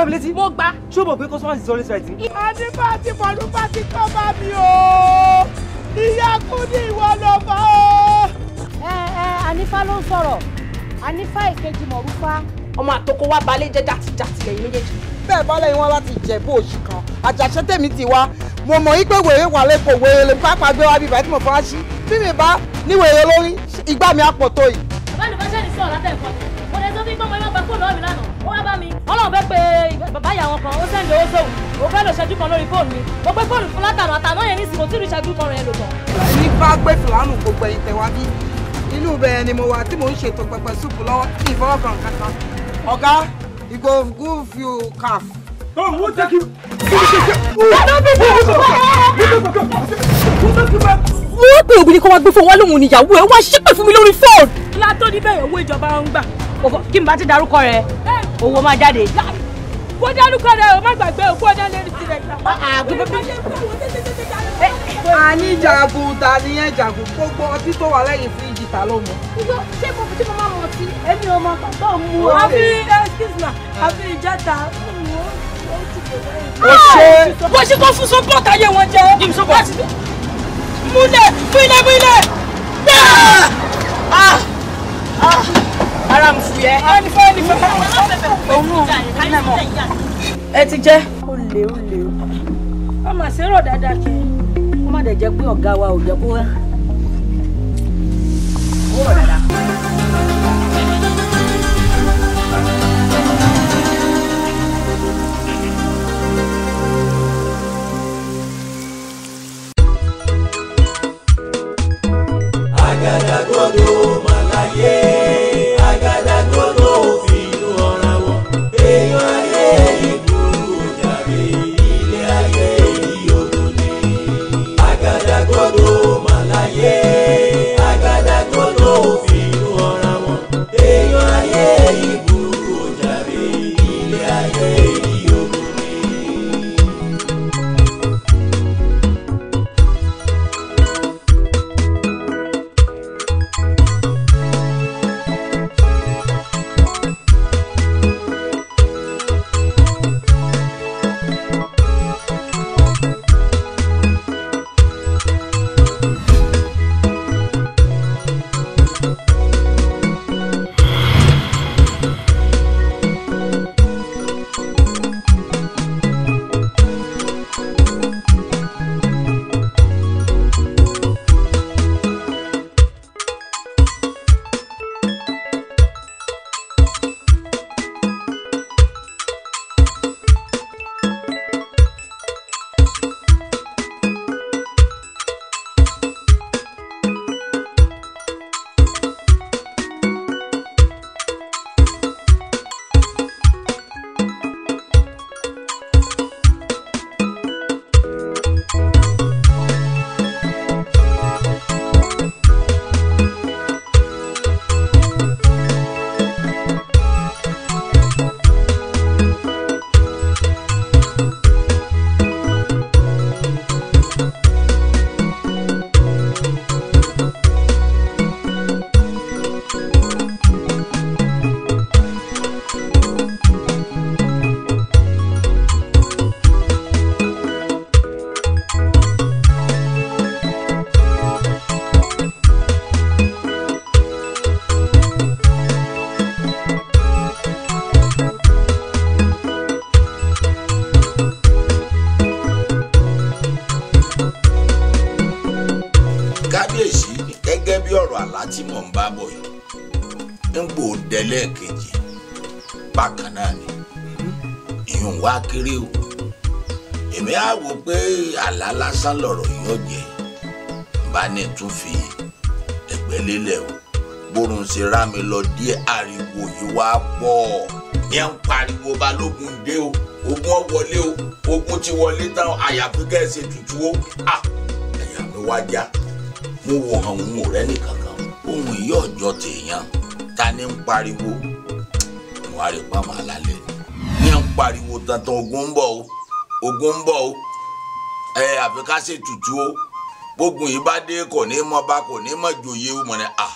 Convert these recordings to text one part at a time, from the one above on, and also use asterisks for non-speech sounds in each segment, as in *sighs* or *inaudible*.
gbá mi létí. mo gbá. ṣé o mọ̀ pé customer is always right. àdìbò àti bọ̀lúbà ti kọ́ bá mi o ìyá kú ní ìwọ ló fà o. ẹ ẹ ànífà ló ń sọ̀rọ̀ ànífà ìkejì mọ̀rúfà. ọmọ àtọkọ wa balẹ̀ jẹ́ jàtìjàtì lẹ́yìn méjèèjì. bẹ́ẹ̀ bá lẹ́yìn wọn láti jẹ̀ bó oṣù kan àjàṣe tèmi ti wá mo mọ̀ yí pé wèrè wà lẹ́kọ̀ọ́ wèrè lè pápá gbé wá bí ìbá tí mo fọwọ́ sí bí mi bá ní wèrè lórí ìgbà mi àpò tó yìí. bàbá mi bá ṣẹ́ni sí ọ̀rá tẹ̀ fọ́ mi mo lè tó fi gbọ́mọ ẹgbẹ́ gbà kó lọ́ọ́ mi lánàá ọlọ́run fẹ́ pé bàbá ìyàwó kan ó sẹ́ndì owó sóhùn ó fẹ́ lò ṣẹ́jú kan lórí fóònù mi mo gbé fóònù fún látàrà àtàná yẹn nísìnyí mo ti rí ṣẹ́jú kan rẹ̀ lò tán. ẹni bá gbé fìlànù gbogbo ẹ̀yìn tẹ̀wá bí inú bẹ̀rẹ̀ ni mo wà tí mò ń ṣètò pẹpẹ súpù lọ́wọ́ tí ìfọwọ́kàn kankan ọ̀gá ìgò gúúfù káf. Oh, what the you? Wọ́n pè obìnrin kan wá gbé fún wa lóhùn níyàwó ẹ̀ wá ṣépè fún mi lórí fóònù. Látọ́ níbẹ̀ ìyàwó ìjọba ń gbà kí n bá ti darúkọ rẹ owó máa jáde. kó darúkọ rẹ o má gbàgbé o kó dá lórí tirẹ̀ gbà. àní jàgùntà nìyẹn jàgùn gbogbo ọtí tó wà lẹ́yìn fíríjì ta ló mọ. ṣé mo fi tí mo máa mọ̀ sí èmi ò mọ bàbá òun o. àfi eh, excuse me àfi ìjẹta ó ah! ṣe. bó ṣe kó fún support ayé wọn jẹ. jim support. múlẹ̀ múlẹ̀ múlẹ̀. Ah! Ah! haramfu ah, yẹ. ẹ ti jẹ́. ó lè ó lè ó. wọ́n máa ṣe é rọ̀ dáadáa kí kó má dẹ̀ bani tún fi ẹ̀gbẹ́ lélẹ̀ o bórun ṣe rá mi lọ díẹ̀ ariwo yìí wá pọ̀ yẹn ń pariwo balógun dé o ogun ọ o ogun ti wọlé tán àyàfi kẹsì tutù o à ẹ̀yà mi wá já mo wọ àwọn ọ̀rẹ́ nìkankan ohun ìyá ọjọ́ tèèyàn ta ni ń pariwo wọn á rí pàmò alálẹ̀ yẹn ń pariwo tantan ogun ń bọ̀ o ogun ń bọ̀ o ẹ àfi ká ṣètùtù o. gbogbo yìí bá dé kò ní mọ bá kò ní mọ joyè ó mọ ní à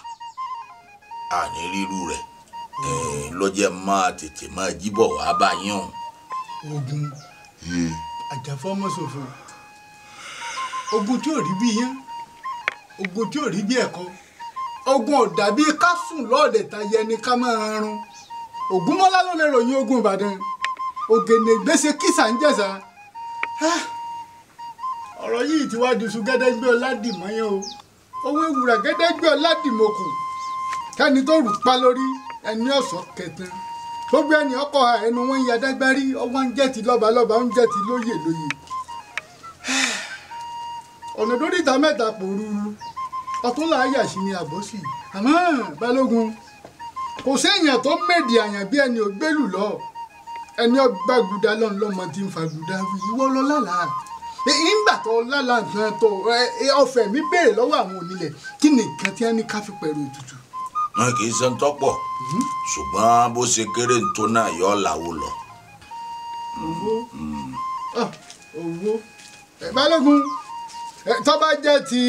àní ríru rẹ lọjẹ máa tètè máa jíbọ̀ wá bá yín o. ogun àjàfọ́mọ́sòfò ogun tí ò rí bí yẹn ogun tí ò rí bí ẹ̀kọ́ ogun ò dàbí ká sùn lọ́ọ̀dẹ̀ ta yẹni ká máa rún Ògúnmọ́lá ló lè ròyìn ogun Ìbàdàn ògènè gbèsè kìsà ń jẹ̀sà. Ah! ọ̀rọ̀ yìí ti wá di su gẹ́dẹ́gbẹ́ ọ̀làdìmọ́yán o owó ewúrà gẹ́dẹ́gbẹ́ ọ̀làdìmọ́kùn kẹ́ni tó rù pa lórí ẹni ọ̀sọ́ kẹtàn gbogbo ẹni ọkọ ẹnu wọn ya dágbárí ọwọ́ ń jẹ́ ti lọ́balọ́ba ń jẹ́ ti lóyè lóyè *sighs* ọ̀nà lórí ìta mẹ́ta pòrúurú ọtún láàyè àṣì ni I àmọ́ balógun kò séèyàn tó médìí àyàn bí ẹni ò gbélù lọ ẹni ọgbàgùdà lọ́nlọ́mọ ti ń fagùdà ìwọ lọ lálàá nígbà tó lálàá nǹkan tó ọ̀fẹ́ mi béèrè lọ́wọ́ àwọn onílẹ̀ kí ni nǹkan tí wọ́n ní ká fi pẹ̀lú òtútù. wọn kì í ṣe ń tọ́pọ̀ mm-hmm. ṣùgbọ́n bó ṣe kéré ń tó náà yọ làwọ lọ. owó mm-hmm. ah, owó eh, balógun tọ́ba jẹ́ ti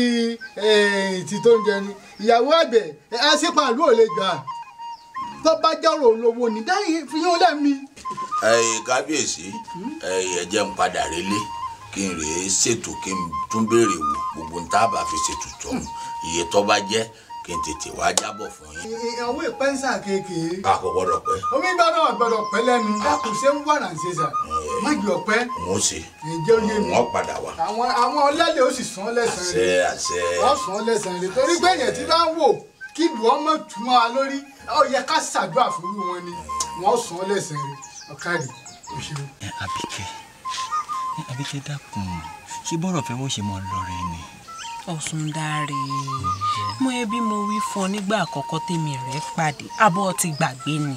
ti tó ń jẹ ni ìyàwó àgbẹ̀ àṣepàlú ò lè gbà tọ́ba jẹ́ ọ̀rọ̀ olówó ní dáhìí fi hàn lẹ́mí. ẹ kábíyèsí mm-hmm. ẹ jẹ́ ń padà rélé kí n rèé ṣètò kí n tún béèrè wò gbogbo n tá a bá fi ṣètò tọ̀ hmm. iye tó bá jẹ́ kí n tètè wá jábọ̀ fún yín. ìyàwó ìpẹ́nsà kékeré. a kò gbọdọ̀ pẹ́. omi gbọ́dọ̀ gbọdọ̀ pẹ́ lẹ́nu kò ṣe ń wà náà ṣe má jù ọ pẹ́. n ó ṣe wọn padà wá. àwọn àwọn ọlẹ́lẹ̀ ó sì sàn lẹ́sàn-án àṣẹ àṣẹ. wọ́n sàn lẹ́sàn-án torí pé èèyàn bá ń wò kí ìlú ọmọ Àbíkẹ́ dákun ṣé bọ́rọ̀ fẹ́ wọ́n ṣe mọ́ lọ́rẹ́ ni. Ọ̀sùndàrè mo yẹ bí mo wí fún ọ nígbà àkọ́kọ́ tèmi rẹ̀ pàdé abọ́ ti gbàgbé ni.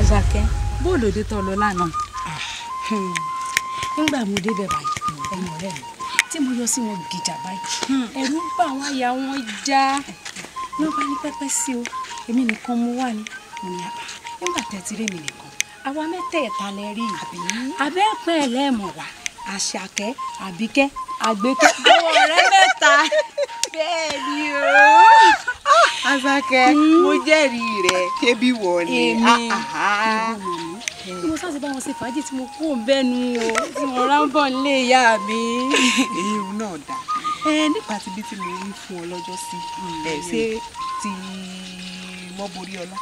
Àṣàkẹ́ bóòlù òde tó lọ lánàá hmm. nígbà mo débẹ̀ báyìí ẹ̀yìn ọ̀rẹ́ mi tí mo yọ sí wọn gìjà báyìí hmm. ẹ̀rù ń bà wọ́n ya wọ́n já ló bá ní pẹ́pẹ́ sí o èmi nìkan mo wà ní ìyá ah, nígbà tẹ̀tí rèmi nìkan àwa mẹ́tẹ̀ẹ̀ta lẹ rí i abẹ́ẹ̀pẹ́ ẹlẹ́mọ̀ wá àṣàkẹ́ àbíkẹ́ àgbékẹ́ àwọn ọ̀rẹ́ mẹ́ta bẹ́ẹ̀ ni o. Ah, àṣàkẹ́ hmm. mo jẹ́rìí rẹ̀ ṣebí wọ ni. èmi tí ah, ah, mo sáàsì bá wọn ṣe fàájì tí mo kú òǹbẹ́nu o tí mo rà bọ̀ nílé ìyá mi. èyí náà dà nípa ti bí tí mo rí fún ọ lọ́jọ́ sí hmm. ṣé ti mọ́ borí ọlá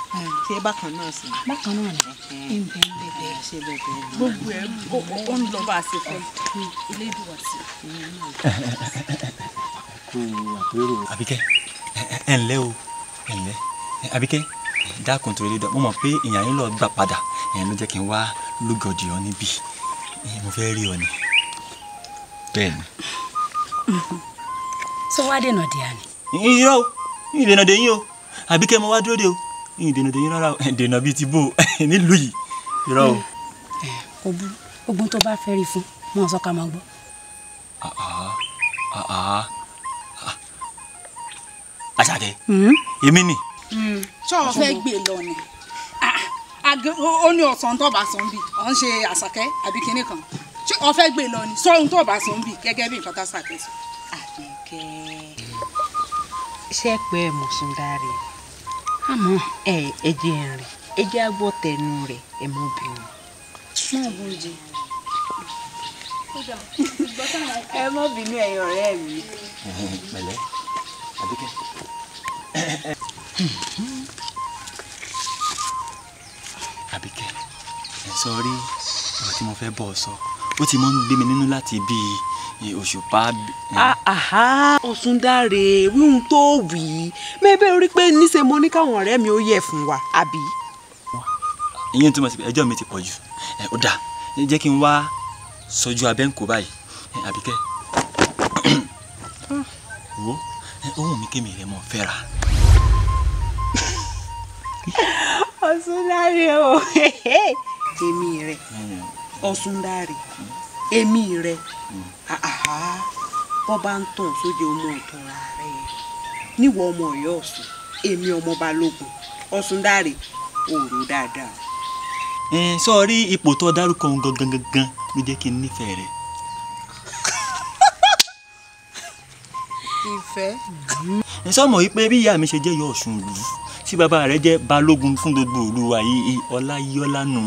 ṣé bákan náà sí. bákan náà ni ń bẹ ń bẹ bẹ ṣe bẹ bẹ. gbogbo ẹ ó ń lọ bá a ṣe fẹ ilé ìdùnnà sí. àbíkẹ́ ẹ ǹlẹ́ o ẹ ǹlẹ́ àbíkẹ́ dákun torí dídọ̀ mo mọ̀ pé ìyàn yín lọ gbà padà ìyàn ló jẹ́ kí n wá lúgọ̀dì ọ níbí mo fẹ́ rí ọ ni. bẹ́ẹ̀ni. sọ wá dènà dè á ni. irọ́ ìdènà dè yín o àbí kẹ́ ẹ mọ wá dúró de o ìdènà dèyìn rárá o ìdènà bíi ti bò ó nílùú yìí irọ́ o. kò bú ogun tó bá fẹ́ rí fún mọ́ ọ sọ ká máa gbọ́. àṣàkẹ́ hmm? èmi ni. Hmm. ṣé o fẹ́ gbé e lọ ni ah, ah, ó ní ọ̀sán tó bá sàn bí ọ̀ ń ṣe àṣàkẹ́ àbí kinní kan ṣé o fẹ́ gbé e lọ ni sọ́run tó bá sàn bí gẹ́gẹ́ bí nǹkan tá a ṣàkẹ́ àbíkẹ́ ṣé pé mùsùlùmí dáre ni àmọ́ ẹ ẹ jẹ́ ẹ̀rìn ẹ jẹ́ agbọ́ tẹnu rẹ̀ ẹ mọ obìnrin. máa bọ̀ jẹ ẹ mọ bínú ẹ̀yin ọ̀rẹ́ mi. pẹ̀lẹ́ Àbíkẹ́. Àbíkẹ́ sọ rí ọ̀rọ̀ tí mo fẹ́ bọ̀ ọ sọ ó ti mọ́ ń gbé mi nínú láti bíi òṣùpá. ọ̀sùndàrè ah, wíhun tó wì í mẹ́bẹ́ rí pé níṣe mo ní káwọn ọ̀rẹ́ mi ó yẹ̀ fún wa àbí. ìyẹn túmọ̀ sí pé ẹjọ́ mi ti pọ̀ jù ó dáa jẹ́ kí n wá sọjú abẹ́ báyìí àbíkẹ́ ah. wo ohun mi kémi rẹ mọ fẹ́ra. ọ̀sùndàrè o èmi rẹ̀ ọ̀sùndàrè. *laughs* èmi rẹ bọ́ bá ń tàn sóde ọmọ ìtọ́ra rẹ níwọ ọmọ ọ̀yọ́ ọ̀sùn èmi ọmọ balógun ọ̀sùn dáre òòrò dáadáa. ẹ sọ rí ipò tó dárúkọ ohun gangan gangan ló jẹ́ kí n nífẹ̀ẹ́ rẹ. ìfẹ́. ẹ sọ mọ̀ wípé bí ìyá mi ṣe jẹ́ yọ ọ̀sùn ìlú tí bàbá rẹ jẹ́ balógun fún gbogbo ìlú wa yìí ọláyọ́lá nù.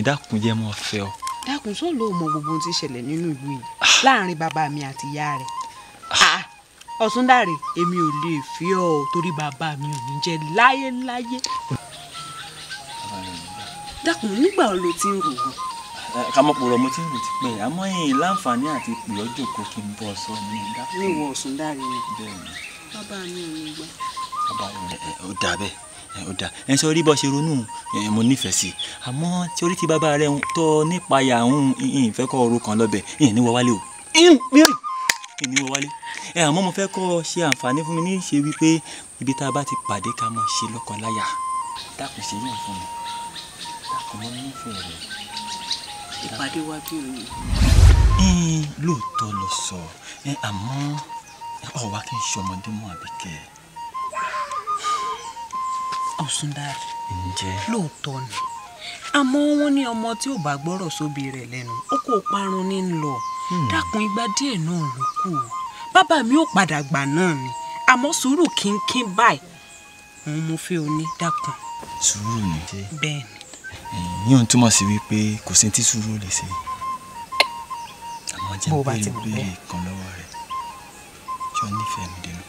ìdákùnjẹ́ mọ́ fẹ́ ọ dákun sọ ló mọ gbogbo ohun tí ṣẹlẹ̀ nínú ìlú yìí ah. láàrin bàbá mi àti ìyá rẹ̀ ah, ọ̀túndàrè èmi ò lè fi ọ́ torí bàbá mi ò ní jẹ́ láyéláyé. dákun nígbà wo ló ti ń rò wọ́n. Eh, ká mọ̀ pòrọ̀ mo ti ń rò ti pẹ́ àmọ́ ẹ̀yìn láǹfààní àti pè ọ́ jòkó kí n bọ́ sọ ní ìdá. ní ìwọ ọ̀túndàrè ni bàbá mi ò ní gbà. bàbá mi ò eh, eh, dà bẹ́ẹ̀ ọ̀dà ẹ̀ sọ rí bọ́ ṣe ronú mo nífẹ̀ẹ́ sí i àmọ́ tí orí ti bàbá rẹ tọ́ nípa yàrún ìfẹ́ kọ́ ọ̀rọ̀ kan lọ́bẹ̀ ìyẹn ní wọ́n wálé o ìní wọ́n wálé ẹ àmọ́ mo fẹ́ kọ́ ṣe àǹfààní fún mi ní ṣe wípé ibi tá a bá ti pàdé ká mọ̀ ṣe lọ́kàn láyà dákun ṣe yàn fún mi dákun mọ́ nífẹ̀ẹ́ rẹ. ìpàdé wa bí òye. lóòótọ́ ló sọ àmọ́ ọ̀wá kí n ṣọmọdé mọ́ àbíkẹ́ Ọ̀ṣundáre ǹjẹ́ lóòótọ́ ni àmọ́ wọ́n ní ọmọ tí ò bá gbọ́rọ̀ sóbi rẹ̀ lẹ́nu ó kò parun ní lọ hmm. dákun ìgbà díẹ̀ náà ló kù bàbá mi ò padà gbà náà ni àmọ́ sùúrù kínkín báyìí òun mo fẹ́ oní dákun. sùúrù ni bẹ́ẹ̀ ni. yíyan túmọ̀ sí wípé kò sí tí sùúrù lè ṣe àmọ́ jẹ́ pé ìbéèrè kan lọ́wọ́ rẹ̀ jọ nífẹ̀ẹ́ mi dẹnu.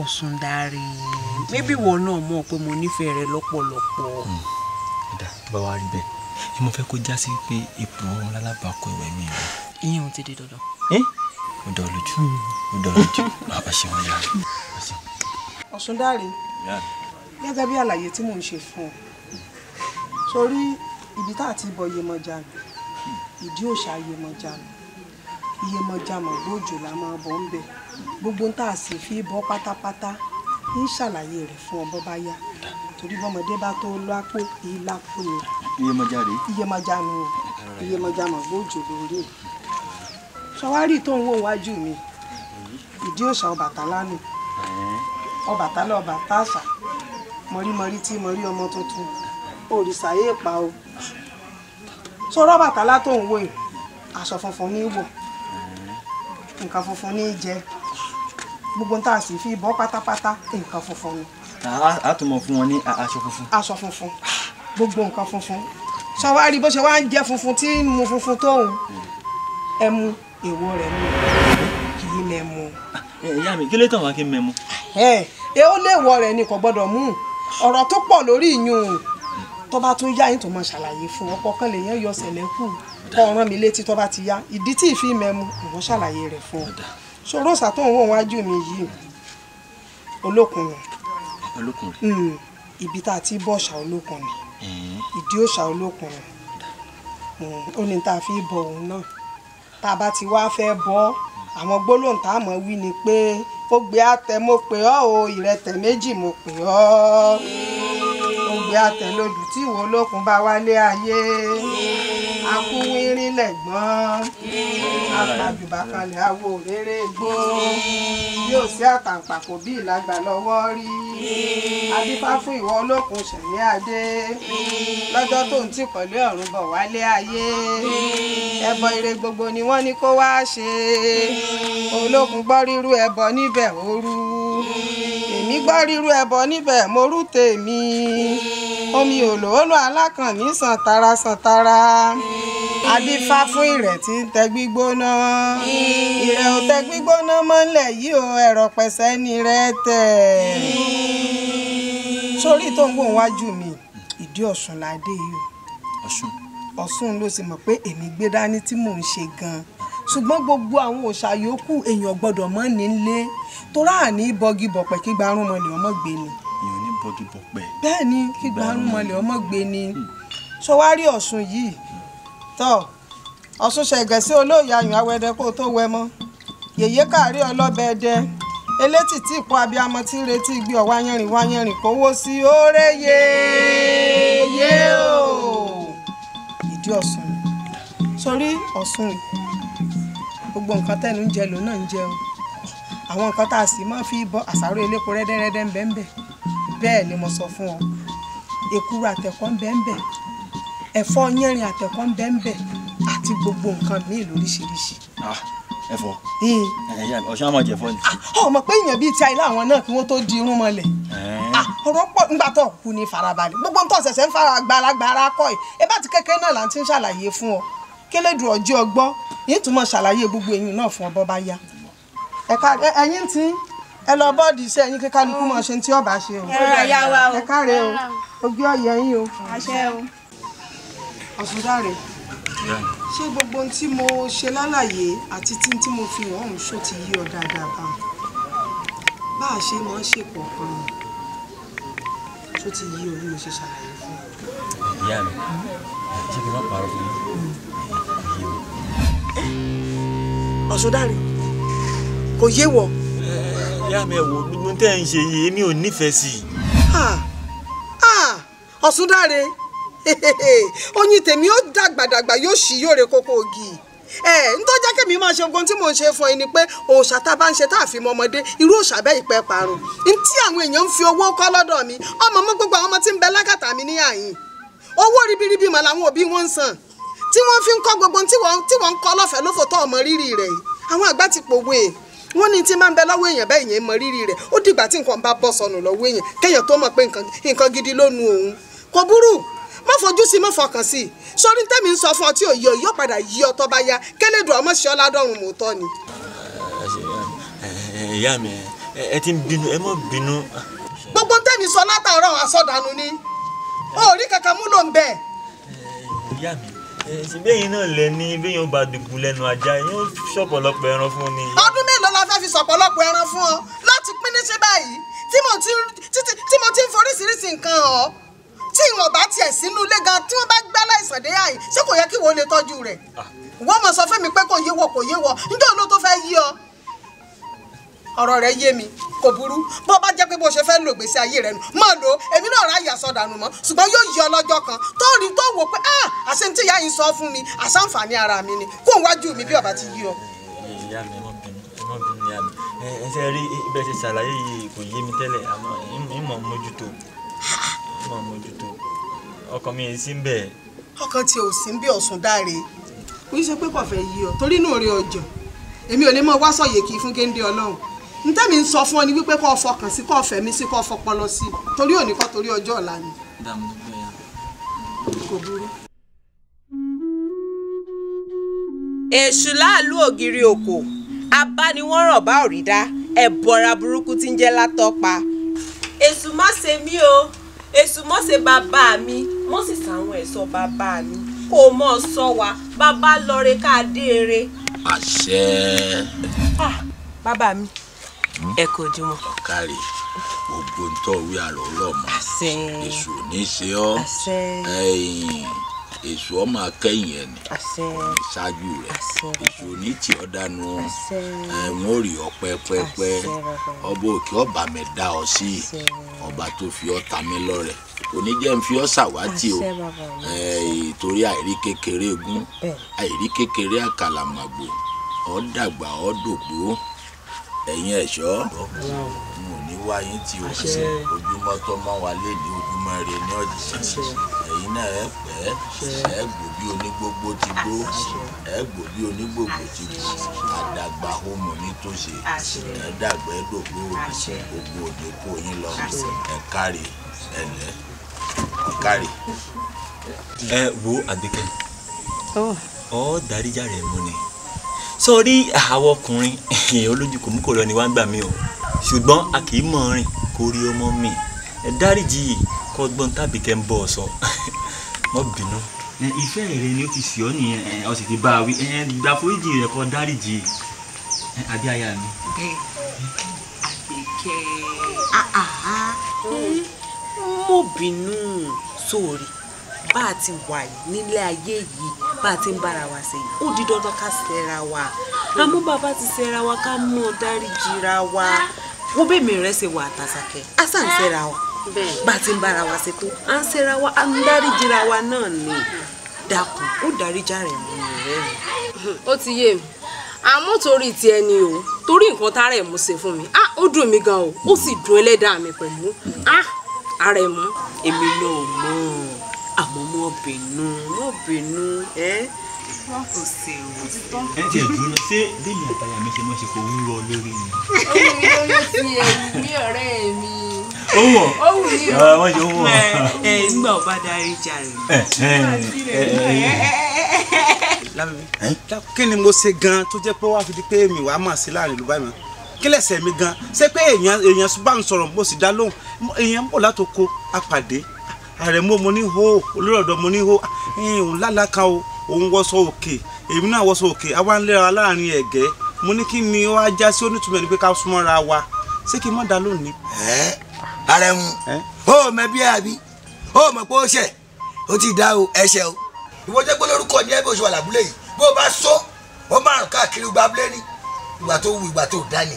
Ọ̀ṣùndàrè mébí ìwọ náà mọ̀ pé mo nífẹ̀ẹ́ rẹ lọ́pọ̀lọpọ̀. Hmm, ọ̀dà bá wa rí bẹ́ẹ̀ ni mo fẹ́ kó já sí pé ipò ọ̀run lálábàákọ ìwẹ̀ mi rẹ. ìyẹn ò ti di dandan. ó dọ̀ lójú hmm. ó dọ̀ lójú bàbá ṣe wọn yára. Ọ̀ṣùndàrè gẹ́gẹ́ bí àlàyé tí mò ń ṣe fún ọ sórí ibi tá a ti bọ Yemọja ìdí òòṣà Yemọja Yemọja mọ̀gbọ́jọ la máa bọ̀ ń bẹ̀ gbogbo ń tà sí fi bọ́ pátápátá ń ṣàlàyé rẹ̀ fún ọ bọ́ bá yá torí bọ́mọdé bá tó lápò ìlápò ni. iyemọja rèé. iyemọja nù o iyemọja mọ̀ gbòòjò lórí o. sọwárì tó ń wò wájú mi ìdí òòṣà Ọbàtálá nù Ọbàtálá ọba táṣà mọ̀rímọ̀rí tí mọ̀rí ọmọ tuntun òrìṣà yéè pa o. sọ̀rọ̀ Ọbàtálá tó ń wò yìí aṣọ funfun ní í wọ̀ nǹkan funfun ní í jẹ gbogbo tá a sì fi bọ́ pátápátá nǹkan funfun ni. a tún mọ fún wọn ní aṣọ funfun. aṣọ funfun gbogbo nǹkan funfun sọ wá rí bó ṣe wá ń jẹ funfun tí ń mu funfun tóun ẹ mu èwo rẹ mu kì í lẹ mu. ìyá mi kí ló tàn wá kí n mẹ́mu. ẹ ẹ ó léèwọ̀ rẹ ni kò gbọ́dọ̀ mú ọ̀rọ̀ tó pọ̀ lórí ìyún tó bá tún yá yín tó máa ṣàlàyé fún ọkọ kan lè yẹn yọ sẹ̀lẹ̀ kù kọ́ ọ̀ràn mi létí tó bá ti yá ìdí tí ìfi mẹ́mu ìwọ ṣàlàyé rẹ̀ fún ọ ṣòro ọ̀sà tó ń wọ̀ wájú mi yìí olókun ni hmm, ibi tá a ti bọ ọ̀sà olókun ni ìdí ọ̀sà olókun ni hmm, ó ní tá a fi bọ òun náà tá a bá ti wá fẹ́ bọ àwọn gbólóhùn tá a mọ̀ wí ni pé ó gbé àtẹ mo pè ọ́ o ìrẹtẹ̀ méjì mo pè ọ́ ìyá tẹ̀lódù tí ìwọ olókun bá wálé ayé akúwínrín lẹ̀gbọ́n àpàjùbà kalẹ̀ awo òréré gbó yóò sí àtàǹpàkò bí ìlàgbà lọ́wọ́ rí adífá fún ìwọ olókun ṣẹ̀mí adé lọ́jọ́ tó ń tì pẹ̀lú ọ̀run bọ̀ wálé ayé ẹbọ ire gbogbo ni wọ́n ní kó wá ṣe olókun gbọ́ rírú ẹbọ níbẹ̀ ooru èmi gbọ́ rírú ẹbọ níbẹ̀ mo rú tèmi omi òlòólò alákànmí sàn tara sàn tara adífá fún ìrẹ̀ tí ń tẹ gbígbóná ìrẹ̀ ò tẹ gbígbóná mọ́lẹ̀ yìí o ẹ̀rọ pẹ̀sẹ́ ni rẹ̀ tẹ̀ sórí tó ń wò wájú mi ìdí ọ̀sùn la dé yìí o ọ̀sùn ló sì mọ̀ pé èmi gbé dání tí mò ń ṣe gan ṣùgbọ́n gbogbo àwọn òòṣà yòókù èèyàn gbọ́dọ̀ mọ́ ní lé torá àní bọgi bọ̀pẹ̀ kí gbarún mọ́lẹ̀ ọmọ gbé ni bọ́gibọ́pẹ́. bẹ́ẹ̀ni kí gbarumọlẹ̀ ọmọ gbé ni sọwárí hmm. ọ̀sùn yìí tọ́ ọ̀sùn ṣẹ̀gẹ̀sí olóòyè ayùn awẹ́dẹ kó tó wẹ mọ́ yèyé káàrí ọlọ́bẹ ẹdẹ elétì tí abiyamọ tí ń retí gbé ọ̀ wáyẹ̀rìn wáyẹ̀rìn kówó sí oore yéèyé o ìdí ọ̀sùn sórí ọ̀sùn gbogbo nǹkan tẹ́nu ń jẹ lòun náà ń jẹun àwọn nǹkan tá a sì máa fi bọ àsáró elépo rẹ́dẹ́rẹ́dẹ́ ń bẹ́ẹ̀ bẹ́ẹ̀ bẹ́ẹ̀ ni mo sọ fún ọ èkuru àtẹ̀kọ́ ń bẹ́ẹ̀ bẹ́ẹ̀ ẹ̀fọ́ yẹ́rin àtẹ̀kọ́ ń bẹ́ẹ̀ bẹ́ẹ̀ àti gbogbo nǹkan míì lóríṣiríṣi. Ah, ẹ̀fọ́ ọ̀ṣun àmọ̀ jẹ̀fọ́ ni. Ah, ọmọ pé èèyàn bíi ti àìlá àwọn náà kí wọ́n tó di irun mọ́lẹ̀ ah, ọ̀rọ̀ pọ̀ nígbà tó kú ní farabalẹ̀ gbogbo ń tọ́ ń fara gbaragbara kọ́ ẹ̀ ẹ bá ti kékeré náà là ń ti ń ṣàlàyé fún ọ kélédùn ọjọ́ ọgbọ́n yìí tún mọ̀ ṣàlàyé gbogbo ẹ̀yìn náà fún ọ bọ́ bá yá ẹ̀ka ẹ̀yìn tí ẹ lọ bọ́ọ̀dì iṣẹ́ yín kíkà ní kú mọ̀ ṣe tí ọba ṣe o ẹ káre o ojú ọ̀yẹ́ yín o ọ̀sùndáre ṣé gbogbo ohun tí mo ṣe lálàyé àti tí tí mo fi hàn ṣó ti yí ọ dáadáa bá bá a ṣe máa ń ṣèpọ̀ kan ṣó ti yí ọ bí mo ṣe ṣàlàyé fún ọ. ìyá mi ṣé kí n má parọ́ fún yín kò yé eh, kò yé wọ ìyá mi ẹ̀ wò gbogbo tẹ́ ń ṣe yìí èmi ò nífẹ̀ẹ́ sí i. ọ̀súndáre *laughs* oyin tèmi ó dàgbàdàgbà yóò ṣì yóò re kókó ògì ẹ ntọ́jà kẹ́mi máa ṣe ohun tí mò ń ṣe fún ẹ ni pé òòṣà tá a bá ń ṣe tá a fi mọ ọmọdé irú òòṣà bẹ́ẹ̀ ìpẹ́ parun ntí àwọn èèyàn ń fi owó kọ́ lọ́dọ̀ mi ọmọ mọ́ gbogbo àwọn ọmọ tí ń bẹ lákàtà mi ní àyìn owó ribiribi mà làwọn òbí wọn ń san tí wọ́n fi ń kọ́ gbogbo tí wọ́n ń kọ́ lọ́fẹ̀ẹ́ lófò ọmọ rírì rẹ̀ àwọn àgbà ti pòwe wọ́n ní tí máa ń bẹ lọ́wọ́ èèyàn bẹ́ẹ̀ yẹn mọ rírì rẹ̀ ó dìgbà tí nǹkan bá bọ́ sọnù lọ́wọ́ èèyàn kéèyàn tó mọ̀ pé nǹkan gidi ló nu òun kò burú má fojú sí má fọkàn sí sórí tẹ́mi ń sọ fún ọ tí òye òye ó padà yí ọ bá yá kẹ́lẹ́dùn ọmọ sí ọ ládọ́run mòótọ́ ni. ìyá mi ẹ ti ń bínú ẹ mọ̀ bínú. gbogbo tẹ́mi sọ látàárọ̀ àsọdànù ni orí kankan mú ló ń bẹ̀. ìyá mi Eh, ṣùgbẹ́yìn náà lẹ ní béèyàn bá dùkú lẹ́nu ajá yóò ṣọ̀pọ̀lọpọ̀ ẹran fún ni. ọdún mélòó la fẹ́ fi ṣọ̀pọ̀lọpọ̀ ẹran fún ọ láti pín níṣẹ́ báyìí tí mo ti ń foríṣiríṣi nǹkan ọ̀ tí ìwọ̀n bá tiẹ̀ sínú ilé gan tí wọ́n bá gbé aláìsàn dé àyè ṣé kò yẹ kí wo lè tọ́jú rẹ̀ ah. wọ́n mọ̀ sọ fún mi pé kò yé wọ kò yé wọ ló tó fẹ́ yí ọ ọ̀rọ̀ rẹ̀ yé mi kò burú bó bá jẹ́ pé bó ṣe fẹ́ lò gbèsè ayé rẹ nù máa lò ó èmi náà ra ìyà sọdànù mọ́ ṣùgbọ́n yóò yí ọlọ́jọ́ kan tó rí tó wò pé ah àṣẹ tí ìyá yìí sọ fún mi àṣàǹfààní ara mi ni kó wájú mi bí ọba ti yí ọ. ìyá mi ẹ má bínú ẹ má bínú ìyá mi ẹ ṣe rí bẹ́ ṣe ṣàlàyé yìí kò yé mi tẹ́lẹ̀ àmọ́ ìmọ̀ mójútó ìmọ̀ mójútó ọkàn mi sí bẹ́ẹ̀. ọkàn tí ò sí bí ọ̀sùn dáre kò í ṣe pé kò fẹ́ yí ọ torí inú rẹ ọjọ́ èmi ò lè mọ wá sọ̀yẹ̀ fún géńdé ọlọ́run ntẹ́mi ń sọ fún ọ ni wípé kọ́ fọkàn sí kọ́ fẹ̀mí sí kọ́ fọpọlọ sí torí òní kọ́ torí ọjọ́ ọ̀la ni. èṣù láàlú ògiri òkò abániwọ́nràn bá òrí dá ẹ̀bọ̀ra burúkú tí ń jẹ́ látọ́pa. èṣù má ṣe mí o èṣù má ṣe bàbá mi mo sì sàwọn ẹ̀ṣọ́ bàbá mi kò mọ̀ ọ́ sọ wa bàbá lọ́re ká dé ere. àṣẹ. Ah, bàbá mi ẹ kò jùmọ̀. ọ̀kárì gbogbo ń tọ́ wí àlọ́ ọlọ́mọ èṣù ní í ṣe ọ́ èṣù ọmọ akẹ́yìn ẹ̀ ní ṣáájú rẹ̀ èṣù ní tí ọ dànù ẹ̀wọ̀n ò rí ọ pẹ́pẹ́pẹ́ ọba òkè ọba mi dá ọ sí ọba tó fi ọ ta mí lọ́rẹ̀ oníjẹ́ ń fi ọ́ ṣàwátì o torí àìrí kékeré egún àìrí kékeré àkàlàmàgbò ọ dàgbà ọ dògbò ẹ̀yin ẹ̀ṣọ́ n ò ní wá tí o ojúmọ́ tó mọ́ wa lé ní rẹ ní ọ̀jẹ̀ ẹ̀yin náà ẹ pẹ́ ẹ gbò bí onígbogbo ti gbó ẹ gbò bí onígbogbo ti gbó àdàgbà homo ní tó ẹ dàgbẹ́ dògbò gbogbo òde kó yín lọ ẹ kárí ẹ ẹ kárí. ẹ wo àdékẹ́ oh. ọ dáríjà rẹ̀ mú ni sórí àwọn ọkùnrin *laughs* olójú kò mú kò lọ ni wá ń gbà mí o ṣùgbọ́n a kì í mọ̀ rìn kó rí ọmọ mi ẹ dáríjì kọ́gbọ́n tàbí kẹ́ ń bọ̀ ọ sọ *laughs* mọ bínú. ìfẹ́ rẹ ni ó ti sì ọ́ nìyẹn ọ sì ti bá a wí gba foríjì rẹ kọ́ dáríjì àbí aya mi. àgbẹ̀kẹ́ mo bínú sórí bá a ti wà nílé ayé yìí bá a ti ń bára wa ṣe ó di dandan ká ṣẹra wa àmọ́ bàbá ti ṣẹra wa ká mú ọ dáríjìra wa wọ́n bẹ́ẹ̀ mi ṣe wà àtàṣàkẹ́ á sàn ṣẹra wa bá a ti ń bára wa ṣe tó à ń ṣẹra wa à ń dáríjìra wa náà ni dákun ó dáríjà rẹ̀ mú rẹ̀ ó ti yé mi àmọ́ torí ti ẹni o torí nǹkan tára ẹ̀ mú ṣe fún mi ah ó dùn mí gan o ó sì dùn ẹlẹ́dàá mi pẹ̀lú ah ara ẹ̀ mú. èmi náà mọ̀ ọ́n mọ́ bínú mọ́ bínú ẹ́ wọn kò sí ewu sí. ẹ ti ẹ̀dùn lọ ṣé bẹ́ẹ̀ni àtàyà mi ṣe mọ́ ṣe kò ń rọ lórí mi. ohun mi ló ti ewu mi ọ̀rẹ́ mi. ó wọ̀ ó wù mí o. ọ̀rọ̀ wọn ṣe ó wọ̀. ẹ nígbà ọba darí jàre. lábẹ́bí kí ni mo ṣe gan-an tó jẹ́ pé wàá fi di pé mi wàá mà sí láàrin ìlú báyìí kílẹ̀sẹ̀ mi gan ṣé pé èèyàn èèyàn bá ń sọ̀rọ̀ mo sì dá lóhùn èèyàn ń bọ̀ látòkò apàdé àrẹ̀mú mo ní hó olórọ̀dọ̀ mo ní hó òun lálàkà o òun wọṣọ òkè èmi náà wọṣọ òkè àwa ń léra láàrin ẹ̀gẹ́ mo ní kí ni ó wá já sí onítùmọ̀ ẹni pé ká súnmọ́ra wa ṣé kí n mọ̀ dá lónìí. ẹ àrẹ̀mú ó mẹ bí àbí ó mọ̀ pé ó ṣẹ̀ ó ti dá o ẹ̀ṣẹ̀ o ìwọ jẹ́ pé ní ẹgbẹ́ oṣù àlàbúlé yìí bó o bá sọ ó máa rùn káàkiri gba abúlé ní ìgbà tó wù ìgbà tó dá ni.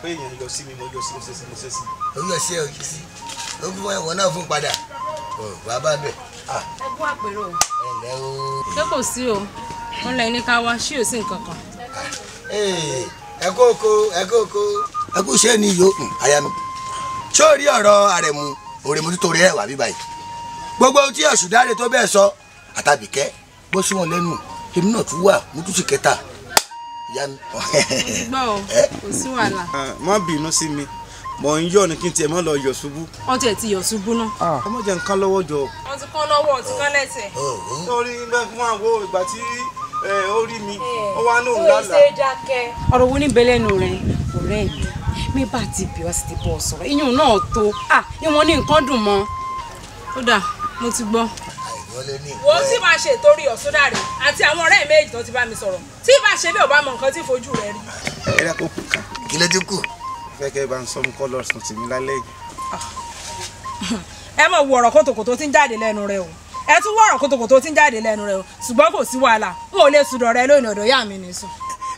pé èèyàn yọ sí mi mo yọ sí mo ṣe sí mo yọ sí ẹ òjì sí ó fún ẹwọn náà fún padà wàá bá bẹ̀. ni yòókù aya mi ṣé o rí ọ̀rọ̀ àrẹ̀mú òrèmú tó torí ẹ̀ wà bíbá yìí gbogbo ohun tí ọ̀ṣùdáre tó bẹ́ẹ̀ sọ àtàbíkẹ́ bó sí wọn lẹ́nu èmi náà tún wà mo tún sì kẹta ìyá mi. mo ti gbọ́ o *laughs* kò sí wàhálà. má bínú sí mi mọ̀ ń yọ̀ ní kí n tiẹ̀ mọ́ lọ yọ̀ ṣubú. wọ́n tiẹ̀ ti yọ̀ ṣubú náà. Ah. ẹ mọ̀ jẹ́ nǹkan lọ́wọ́ jọ. wọ́n ti kán lọ́wọ́ ti kán lẹ́sẹ̀. torí bẹ́ẹ̀ fún àwọn ìgbà tí ó rí mi eh, ó wá ní òun lálàá. ọ̀rọ̀ wo ní bẹ́lẹ́nu rẹ ọ̀rẹ́ mi mi bá ti bí ọ sì ti bọ̀ sọ̀rọ̀ iyún náà tó à ah, ìwọ̀n ní nǹkan dùn mọ́. ó dà mo ti gbọ́. wo tí máa ṣe ìtorí ọ̀sọ́dà rẹ̀ àti àwọn ọ̀rẹ́ méjì tó ti bá mi sọ̀rọ̀ tí ì bá ṣe bí ò bá mọ nǹkan tí fojú rẹ̀ rí. ẹ rẹ kó kù kan kí ló ti kù fẹ́ kẹ́ bá ń sọ́mú colours tuntun mi lálẹ́ yìí. *laughs* ẹ mọ̀ wo ọ̀rọ̀ kòtòkòtò tí ń jáde lẹ́nu rẹ o ẹ tún wo ọ̀rọ̀ kòtòkòtò tí ń jáde lẹ́nu rẹ o ṣùgbọ́n kò sí wàhálà n ò lè sùdọ̀ rẹ lónìí ọ̀dọ̀ yá mi nìsùn.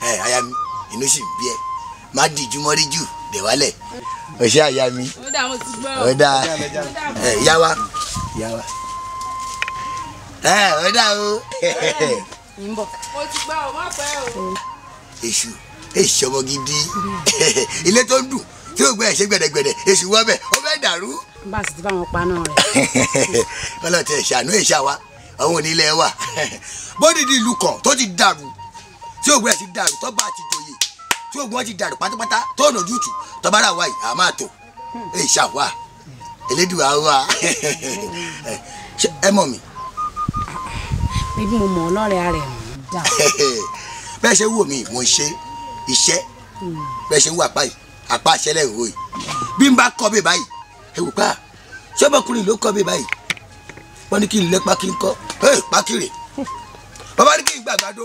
ẹ aya mi inú sì bí ẹ má dìjú mọ́rí jù dẹ̀wálẹ̀ ọ̀ṣẹ́ àyà mi ọ̀dà ẹ̀ yá wa yá wa ẹ̀ ọ̀dà o. èṣù ìṣọmọ gidi hmm. ilé tó ń dùn tí ó gbẹ ẹ̀ṣẹ̀ gbẹ̀dẹ̀gbẹ̀dẹ̀ èṣù wọ́n bẹ̀ ó fẹ́ dàrú. bá a sì ti bá wọn pa náà rẹ. *laughs* ọlọ́tẹ̀ ṣàánú ìṣá wa àwọn onílẹ̀ wa *laughs* bódìdí ìlú kan tó ti dàrú tí ògbẹ́ ti dàrú tó bá ti jòyè tí ògbọ́n ti dàrú pátápátá tó ọ̀nà ojútùú tó bá rà wáyé a máa tó ìṣá wa elédùn àwa ẹ mọ̀ mi. bí mo mọ̀ ọlọ́rẹ̀ rẹ̀ mọ̀ dáa. *laughs* bẹ́ẹ̀ ṣe wò mí mo ṣe é iṣẹ́ bẹ́ẹ̀ ṣe ń wà báyìí apá àṣẹlẹ̀ ìwò yìí bí n bá kọ́ bẹ́ẹ̀ báyìí ẹ wò pa ṣọ́bọ̀kùnrin ló kọ́ bẹ́ẹ̀ báyìí wọ́n ní kí n lẹ́ pákí ń kọ́ ẹ̀ pákìrè bàbá ní kí n gbàgbàdo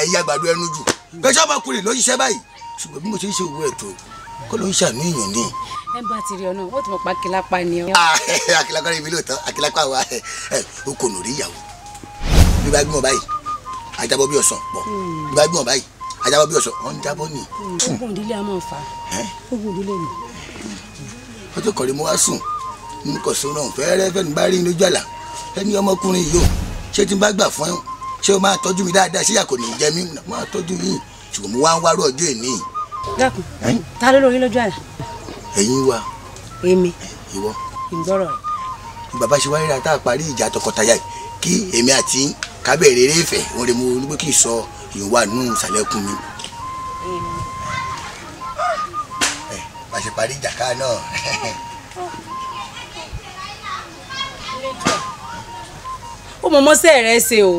ẹ̀yà àgbàdo ẹnu jù bẹ́ẹ̀ ṣọ́bọ̀kùnrin ló ṣiṣẹ́ báyìí ṣùgbọ́n bí mo ṣe ń ṣe òwúrọ̀ ètò kó ló ń ṣàníyàn ni. ẹ bá ti rí ọ náà ó ti mọ pa kìlápá ni ọ. *laughs* akilapa rẹ mi lóòótọ́ akilapa wa o kò nù rí ìyàwó bí bá gbọ́n báyìí ajábọ̀ bí ọ̀sán pọ̀ bí bá gbọ́n báyìí ajábọ̀ bí ọ̀sọ̀ ọ̀ ń jábọ̀ ni. Hmm, gbogbo ìdílé a máa fà á gbogbo ìdílé mi. ọjọ́ kọ̀ọ̀rẹ́ mo wá sùn n kò sọ̀rọ̀ fẹ́rẹ́ fẹ́ni bá rí inú ojú àlà ẹni ọmọkùnrin yìí o ṣé tí n bá gbà fún ẹ ṣé o máa tọ́jú mi dáadáa ṣé yàkò ní jẹ mí máa tọ́jú yìí ṣùgbọ́n mo wá ń wárò ọjọ́ èní. dákun ta ló lórí lójú àlà. ẹ̀yin wa. èmi. ìwọ. ìgbọ́rọ̀ rẹ̀. bàbá ṣe wáyé ra tá a parí ìjà tọkọtaya yìí kí èmi àti kábẹ̀rẹ̀ rẹ̀ fẹ̀ òun rè mo ní pé kí sọ èèyàn wà nù sàlẹ̀kùn mi. ẹ eh, bá ṣe parí ìjàká náà. ó mọ mọ́sẹ̀ rẹ ṣe o.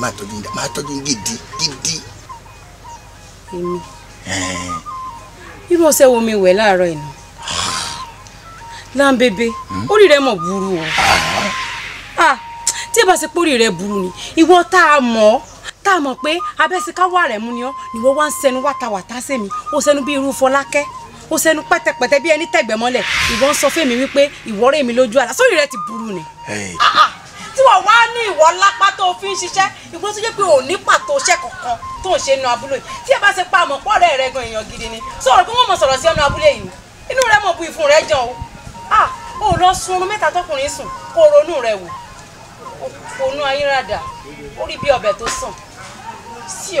máa tọ́jú máa tọ́jú gidi gidi. èmi irú eh. ọṣẹ wo mi wẹ̀ láàárọ̀ ìnà ah. láńbébé hmm? orí rẹ mọ̀ burú o. Ah bá ṣe pórí rẹ burú ni ìwọ tá a mọ̀ tá a mọ̀ pé abẹ́síkáwá rẹ̀ mú ni ọ́ níwọ́ wá ń sẹnu wátawàtá sẹ́mi ó sẹnu bí irú Fọlákẹ́ ó sẹnu pẹ́tẹ́pẹ́tẹ́ bí ẹni tẹ̀gbẹ́ mọ́lẹ̀ ìwọ ń sọ fẹ́mi wípé ìwọ rẹ̀ mi lójú àlá sórí rẹ ti burú ni. Ah, ah. tí wọ́n wá ní ìwọ lápá tó fi ń ṣiṣẹ́ ìwọ tó jẹ́ pé ò ní pàtó iṣẹ́ kankan tó ń ṣe nu abúlé tí ẹ bá ṣe pa àmọ̀ pọ̀ rẹ̀ gan èèyàn gidi ni sọ̀rọ̀ pé wọ́n mọ̀ sọ̀rọ̀ sí ọ̀nà abúlé yìí inú rẹ̀ mọ̀ bu ìfun rẹ̀ jàn ah, o ò lọ sun oorun mẹ́ta tọkùnrin sùn kó ronú rẹ̀ wò ònú ayínradà ó rí bí ọbẹ̀ tó sàn sí ọ.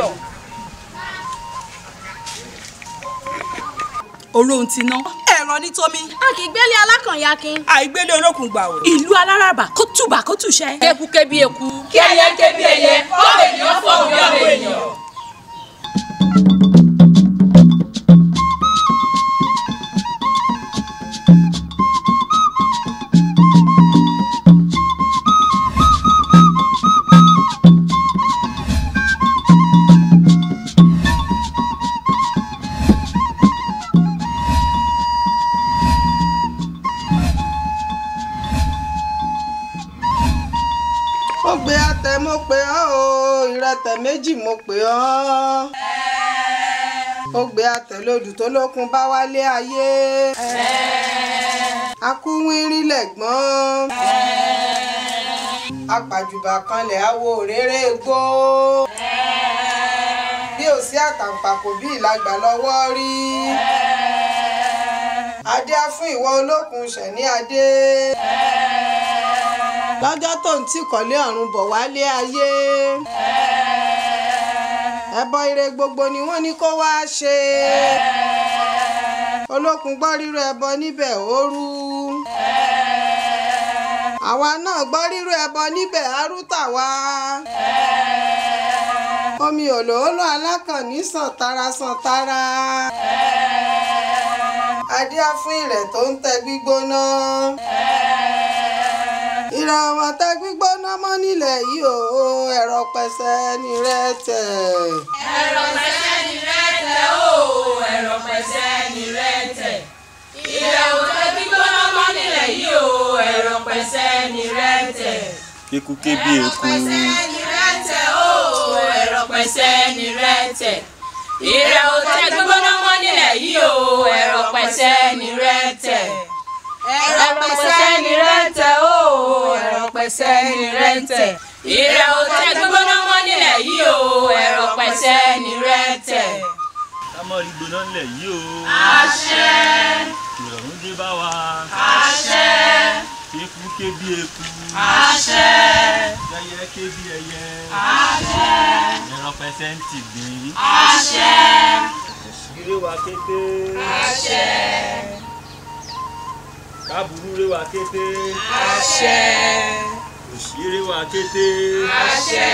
olóhùn ti ná. ẹ̀rọ ní tómi. a kì í gbélé alákànyà kin. àìgbélé olókùn gbà wò. ìlú aláràbà kó tùbà kó tùṣẹ. kéku kébi eku. kí ẹyẹ kébi ẹyẹ kọ́ ènìyàn fọ́ òun bí ọmọ ènìyàn. atẹ méjì mo pè ọ́ ogbe àtẹlódù tó lókun bá wálé ayé akúwínrín lẹ̀gbọ́n apàjùbà kanlẹ̀ awo òréré gbó bí ò sí àtàǹpàkò bí ìlàgbà lọ́wọ́ rí adé á fún ìwọ olókun ṣẹ̀ní adé lọ́jọ́ tó ń tìkọ́lé ọ̀run bọ̀ wálé ayé. Eh. ẹbọ ire gbogbo ni wọn ní kó wá ṣe olókun gbọ rírú ẹbọ níbẹ̀ ooru àwa náà gbọ́ rírú ẹbọ níbẹ̀ arúta wa omi òlòólò alákànní sàntara tara. fún ire tó ń tẹ gbígbóná. ìrà àwọn àtẹgbígbóná mọ́ nílẹ̀ yìí o ẹ̀rọ pẹsẹ ní rẹ́tẹ̀. ẹ̀rọ pẹsẹ ní rẹ́tẹ̀ o ẹ̀rọ pẹsẹ ní rẹ́tẹ̀. ìrà àwọn àtẹgbígbóná mọ́ nílẹ̀ yìí o ẹ̀rọ pẹsẹ ní rẹ́tẹ̀. kíkú kébí eku. ẹ̀rọ pẹsẹ ní rẹ́tẹ̀ o ẹ̀rọ pẹsẹ ní rẹ́tẹ̀. ìrà àwọn àtẹgbígbóná mọ́ nílẹ̀ yìí o ẹ̀rọ pẹsẹ ní rẹ́tẹ̀ ẹ̀rọ pẹ̀sẹ̀ ni rẹ́ǹtẹ̀ o ẹ̀rọ pẹ̀sẹ̀ ni rẹ́ǹtẹ̀ ìrẹ̀ ò tẹ gbígbóná mọ́ nílẹ̀ yìí o ẹ̀rọ pẹ̀sẹ̀ ni rẹ́ǹtẹ̀. ká mọ̀ rí gbóná nílẹ̀ yìí o. àṣẹ. ìrọ̀rùn dé bá wa. àṣẹ. eku ké bí eku. àṣẹ. ẹyẹ ké ẹyẹ. àṣẹ. ẹ̀rọ ń tì gbìn. àṣẹ. ìrẹwà kété. àṣẹ káàbùrú rẹ wá kété. àṣẹ. òṣì rẹ wá kété. àṣẹ.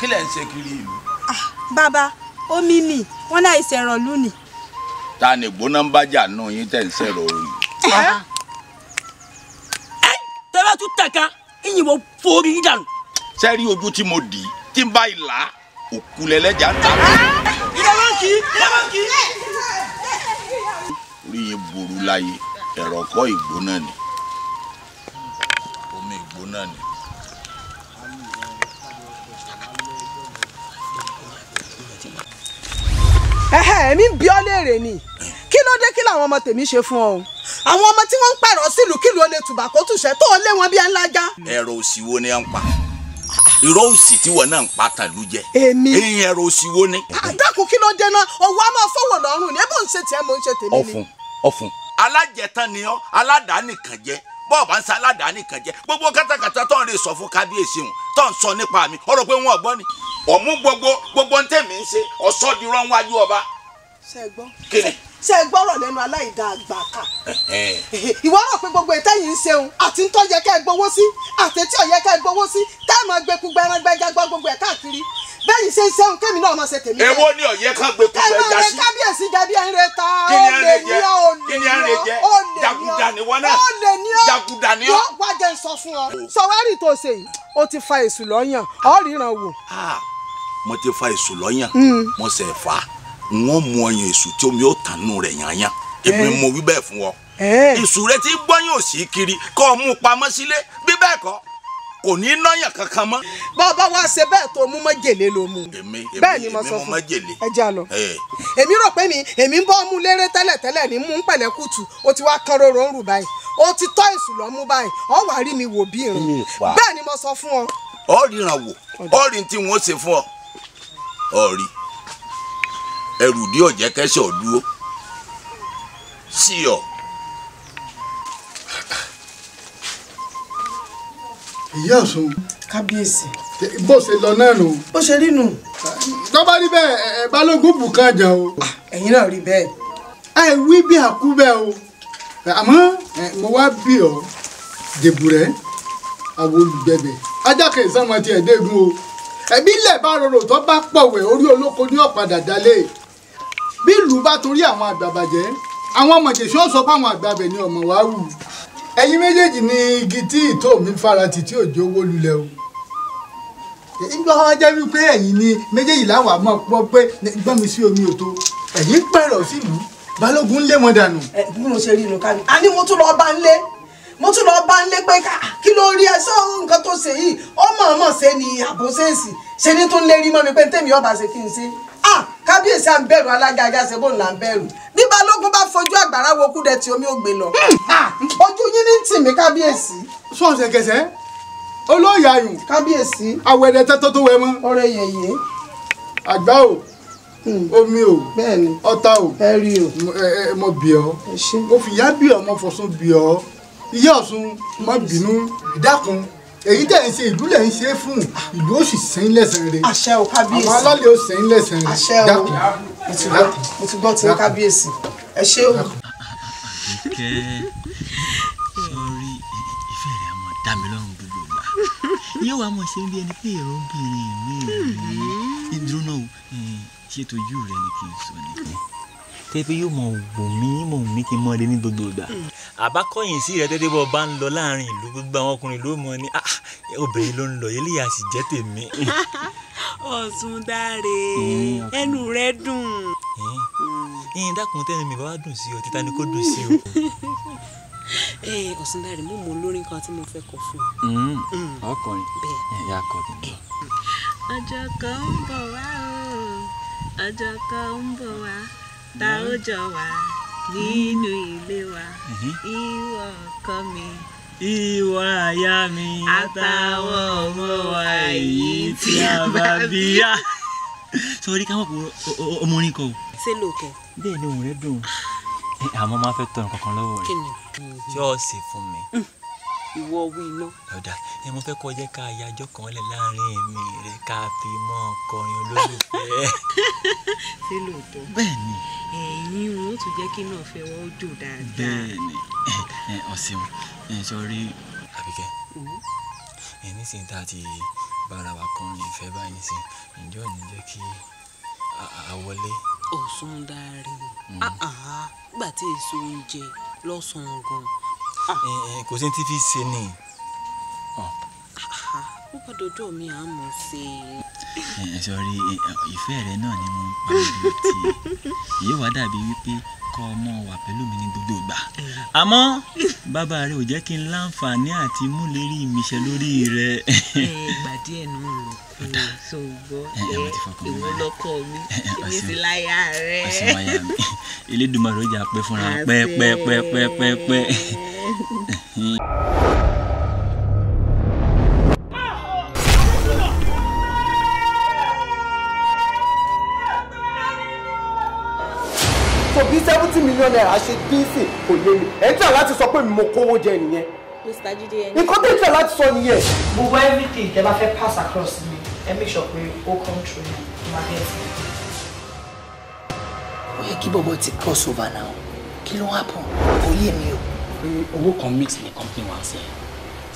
kí lẹ̀ ń ṣe kiri ìlú. Ah, bàbá omi nì wọn láì ṣẹ̀rọ̀ lù nì. ta ni gbóná ń bájà nù yín tẹ̀ ń ṣẹ̀rọ̀ orí. Ah. ẹ tẹ́lẹ̀ tún tẹ̀ ìyìnbó forí dànù. sẹ́rí ojú tí mo dì í tí n bá ìlà òkú lẹ́lẹ́jà ń ta. Ah. ìyá ló láyé ẹ̀rọ kọ́ ìgbóná ni omi ìgbóná ni. èmi ń bi ọ́ léèrè ni kí ló dé kí làwọn ọmọ tèmi ṣe fún ọ o àwọn ọmọ tí wọ́n ń pẹ̀rọ sílùú kílùú olè tùbàkó tùṣẹ́ tó lé wọn bí ẹnlá já. ẹ̀rọ òsì wo ni ẹ ń pa irọ́ òsì tí wọn náà ń pa tàlú jẹ. èmi èyí ẹ̀rọ òsì wo ni. àdàkùn kí ló dé náà ọwọ́ a máa fọwọ́ lọ́rùn ní ebó ń ṣe tiẹ̀ mò ń ṣe tèmi ni. ọ̀fun ọ̀fun alájẹtán ni ọ́ aládàánìkan jẹ́ bọ́ọ̀ bá ń sa aládàánìkan jẹ́ gbogbo kátàkátà tó ń lè sọ fún kábíyèsí òun tó ń sọ nípa mi ó rò pé wọn ò gbọ́ ni ọ̀mú gbogbo gbogbo ń tẹ̀mí ń ṣe ọ̀sọ́ dirọ́ wájú ọba. ṣe é gbọ́. kí ṣe é gbọ́rọ̀ lẹ́nu aláìda àgbà kà ìwọ rò pé gbogbo ìtẹ́yìn ń ṣeun àti ń tọ́jẹ́ ká ẹ gbowó sí àti tí ò yẹ ká ẹ gbowó sí tá a máa gbẹkú gbẹrangbẹja gbọ́ gbogbo ẹ̀ káàkiri ni ṣe ń ṣeun kémi náà máa ṣe tèmi. èwo ni ọ̀yẹ́ kan gbé kú fẹ́ já sí. kábíyèsí jàbí ẹ̀ ń re ta ó ni ní ni ó ni ní ni ó ni ní ni jàgùdà ni wọn ni ó ni ní ni jàgùdà ni ni ni ni ni ọ. ni jẹ́ ni sọ ni ọ. ni tó ni yìí ni ti ni èṣù ni ọ̀ ni wò. ni ah, ti ni èṣù ni hmm. mo ni fa wọn mú ọyàn èṣù tí omi ó tànú rẹ̀ yányán èmi mo wí bẹ́ẹ̀ fún ọ èṣù rẹ ti gbọ́yàn òsì kiri kọ́ mú pamọ́ sílé bí bẹ́ẹ̀ kọ́ kò ní náyàn kankan mọ́. bàbá wa ṣe bẹ́ẹ̀ tó mú májèlé ló mú. èmi èmi mo májèlé. ẹ jẹ́ àlọ́ èmi rò pé mi èmi ń bọ́ ọmú léré tẹ́lẹ̀tẹ́lẹ̀ ní mú pẹ̀lẹ́kùtù ó ti wá kan rorò ń rù báyìí ó ti tọ́ èṣù lọ́mú báyìí ọ̀ wá rí mi wò bí irun bẹ́ẹ̀ ni mo sọ fún ọ. ọ ríran wò ọ rí tí wọn ṣe fún ọ ọ rí ẹrù dí ọ̀jẹ́ kẹsẹ̀ ọ̀dúró sí ọ. ìyá ọ̀sùn. kábíyèsí. bó ṣe lọ náà nù. bó ṣe rí nù. tọ́ba rí bẹ́ẹ̀ ẹ balógun bùkán jà o. Ah, ẹ̀yin náà rí bẹ́ẹ̀. ẹ wí bí àkú bẹ́ẹ̀ o àmọ́ mo wá bí ọ dèbùrẹ́ àwọn olùgbẹ̀bẹ̀ ajá kẹsàn-án ti ẹ̀ẹ́dẹ́gun o ẹ̀bí ilẹ̀ bá rọrùn tó bá pọ̀wẹ̀ orí olóko ní ọ̀padà dálé bí ìlú bá torí àwọn àgbàbàjẹ́ àwọn mọ̀jẹ̀sí ó sọ fáwọn àgbàbẹ̀ ní ọmọ wa wù ẹ̀yin méjèèjì ni igi tí ìtò mi farati tí òjò wó lulẹ̀ o ìgbà wọn jẹ́ wípé ẹ̀yin ni méjèèjì láwọn àmọ́ pọ́ pé gbọ́n mi sí omi òtó ẹ̀yin pẹ̀rọ̀ sílùú balógun lé wọn dànù. ẹ bí mo ṣe rí inú ká ní. a ní mo tún lọ bá ń lé mo tún lọ bá ń lé pé kí ló rí ẹsọ nǹkan tó ṣe yìí ó mọ̀ọ́mọ̀ ṣe ni àbòsẹ́ẹ̀sì ṣe ni tó ń lérí mọ́ mi pé tèmi ọba ṣe kí n ṣe ah kábíyèsí à ń bẹ̀rù alága ajá ṣe bóun là ń bẹ̀rù bí balógun bá fojú àgbàrá wo kú dẹ tí omi ò gbé lọ hmm. ojú yín ní tì mí kábíyèsí. sọ̀nsẹ̀ kẹsẹ̀ olóyè ayùn kábíyèsí awẹ́dẹ tẹ́tọ́ tó wẹ mọ́. ọ̀rẹ́ yẹ̀yẹ́. àgbá o hmm. omi o ọta o ẹ̀rí o mo bì ọ́ mo fìyà bì ọ́ mo fọ̀sùn bì ọ́ ìyá Ọ̀ṣun má bínú ìdákun èyí tẹ̀ ń ṣe ìlú lẹ̀ ń ṣe fún ìlú ó sì sẹ́yìn lẹ́sàn-án rẹ̀ àṣẹ o kábíyèsí àwọn alálẹ̀ ó sẹ́yìn lẹ́sàn-án rẹ̀ àṣẹ mo ti gbọ́ tí kábíyèsí ẹ ṣé o. ìkẹ́ sọ́rí ìfẹ́ rẹ̀ mọ̀ dá mi lọ́rùn gbogbo ìgbà yóò wá mọ̀ ṣe ń bí ẹni pé èrò obìnrin mi rè é ìdúró náà ṣètò ojú rẹ̀ ni kì í sọ nìkan tẹ́bí yóò mọ̀ wò mí mọ̀ mí kí n mọ̀ ọ́ lé ní gbogbo ìgbà. Hmm. àbákọ́yìn sí rẹ̀ tẹ́tẹ́ bọ́ bá ń lọ láàrin ìlú gbogbo àwọn ọkùnrin ló mọ̀ ni ah, obìnrin ló ń lọ yẹ́lẹ́ yà sì jẹ́ tèmi. *laughs* ọ̀sùn dáre hmm, ẹnu rẹ̀ dùn. ẹyin dákun tẹ́nu mi bá dùn sí ọ títa ni kò dùn sí o. *laughs* Eh, ọ̀sùn dáre mo mọ olórin kan tí mo fẹ́ kọ fún ọ. Hmm. ọkùnrin ẹ̀yà kọ̀ọ̀kan. ọjọ́ kan ń bọ̀ wá o ọjọ́ kan ń bọ̀ wá tá ó jọ wà nínú ilé wa mhm. ìwọ ọkọ mi ìwọ àyà mi àtàwọn ọmọ wa èyí tí a bá bí yá. sọrí ká mọ̀ pé ọmọ orin kan o. ṣé lóòótọ́. bẹ́ẹ̀ ni òun rẹ̀ dùn àmọ́ máa fẹ́ tọrọ kankan lọ́wọ́ rẹ̀ ṣọ́ọ̀ṣì fún mi. Mm ìwọ wí iná. ọ̀dà ẹ mo fẹ́ kọ́ jẹ́ ká yájọ́ kan lẹ̀ láàrin èmi rẹ̀ ká fi mọ́ ọkọrin olólùfẹ́. *laughs* ṣé lóòótọ́. bẹ́ẹ̀ni. ẹ̀yin wọn ó tún jẹ́ kí náà fẹ́ wọ́n ó jò dáadáa. bẹ́ẹ̀ni ọ̀sìn sọrí àbíkẹ́ ẹ̀ nísìnyí tá a ti bára wa kọrin ìfẹ́ báyìí nísìnyí ǹjọ́ ní jẹ́ kí a wọlé. ọ̀sùn dáa rí èso oúnjẹ lọ́sàn-án gan-an Eh, eh, kò sí ti fi ṣe ni. ó gbọ́dọ̀ dọ̀ mí à ń mọ̀ ṣe. Eh, sọrí ìfẹ́ rẹ náà ni mo ń pa níbi tí èyí wàá dàbí wípé kọ́ ọmọ wà pẹ̀lú mi ní gbogbo ìgbà àmọ́ bàbá rẹ ò jẹ́ kí n láǹfààní àti múlérí mi ṣe lórí rẹ. ìgbà díẹ̀ nù ń lò kú so gbọ́ ìwọ lọ́kọ mi èmi sì láyà rẹ. Elédùmarè ó jà pẹ́ fúnra pẹ́ pẹ́ pẹ́ pẹ́ pẹ́ pẹ́ so bí seventy million naira ṣe dín sí kò yé mi ẹ̀ ń tà láti sọ pé mo kówó jẹ nìyẹn. Mr. Jide ẹni. nǹkan tó ń láti sọ nìyẹn. gbogbo everything tẹ bá fẹ́ pass across mi ẹ make sure pé ó come through mi ma get it. ó yẹ kí bọ́bọ́ ti cross over now kí ló happen kò yé mi o pé owó kan mix ní company wa ṣe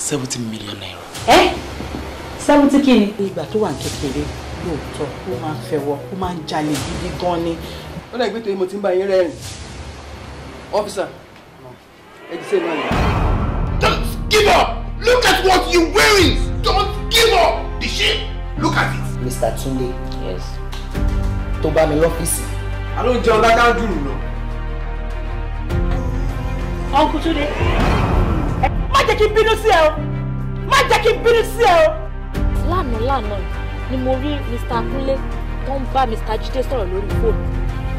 seventy million naira. ẹ seventy kini. ni. ìgbà tó wà ní kékeré lóòótọ́ ó máa ń fẹ́wọ́ ó máa ń jalè gidi gan ni. ó dàgbé torí mo ti ń bá yín rẹ́rìn ọ́fíìsà ẹ ti ṣe ìmọ̀ don't give up look at what you wearing don't give up the shit look at it. Mr. Tunde. yes. tó bá mi lọ́fíìsì. a ló ń jẹun lákàndùn nù. Uncle Tunde. Má jẹ́ kí n bínú sí ẹ o. Má jẹ́ kí n bínú sí ẹ o. Lánàá lánàá ni mo rí Mr. Kúnlé tó ń bá Mr. Jídé sọ̀rọ̀ lórí fóònù.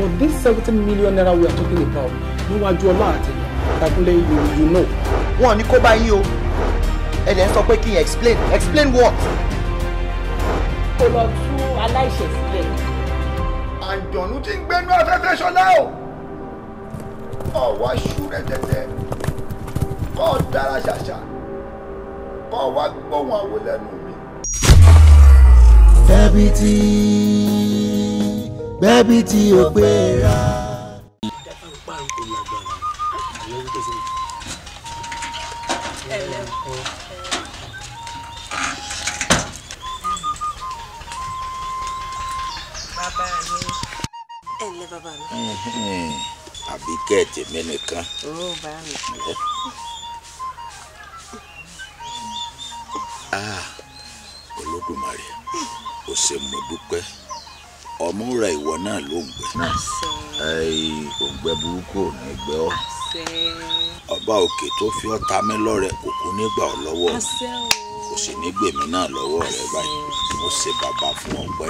On this seventy million naira we are talking about níwájú ọlá àti ìdákúnlé you you know. Wọn ò ní kó bá yín o. Ẹ̀dẹ̀ ń sọ pé kí n explain explain what? Kò lọ tú aláìṣẹ̀ sílẹ̀. Àjọ̀nú ti ń gbénú afẹ́fẹ́ ṣọlá o ọ̀wá ṣúrẹ́ tẹ́tẹ́ kọ́ dára ṣàṣà kọ́ wá gbóhùn àwò lẹ́nu mi. bẹ́bí tí bẹ́bí tí ó pé ra. Bàbá mi. Ẹ ǹlẹ́ bàbá mi àbí kẹ́ẹ̀tì mi nìkan. *laughs* Ah, olódùmarè ó ṣe mo dúpẹ́ ọmọ ra ìwọ náà ló ń gbẹ òǹgbẹ burúkú ò ní gbẹ ọ ọba òkè tó fi ọta mi lọrẹ kò kú nígbà ọ lọ́wọ́ mi kò sì ní gbèmí náà lọ́wọ́ rẹ báyìí mo ṣe bàbá fún ọpẹ́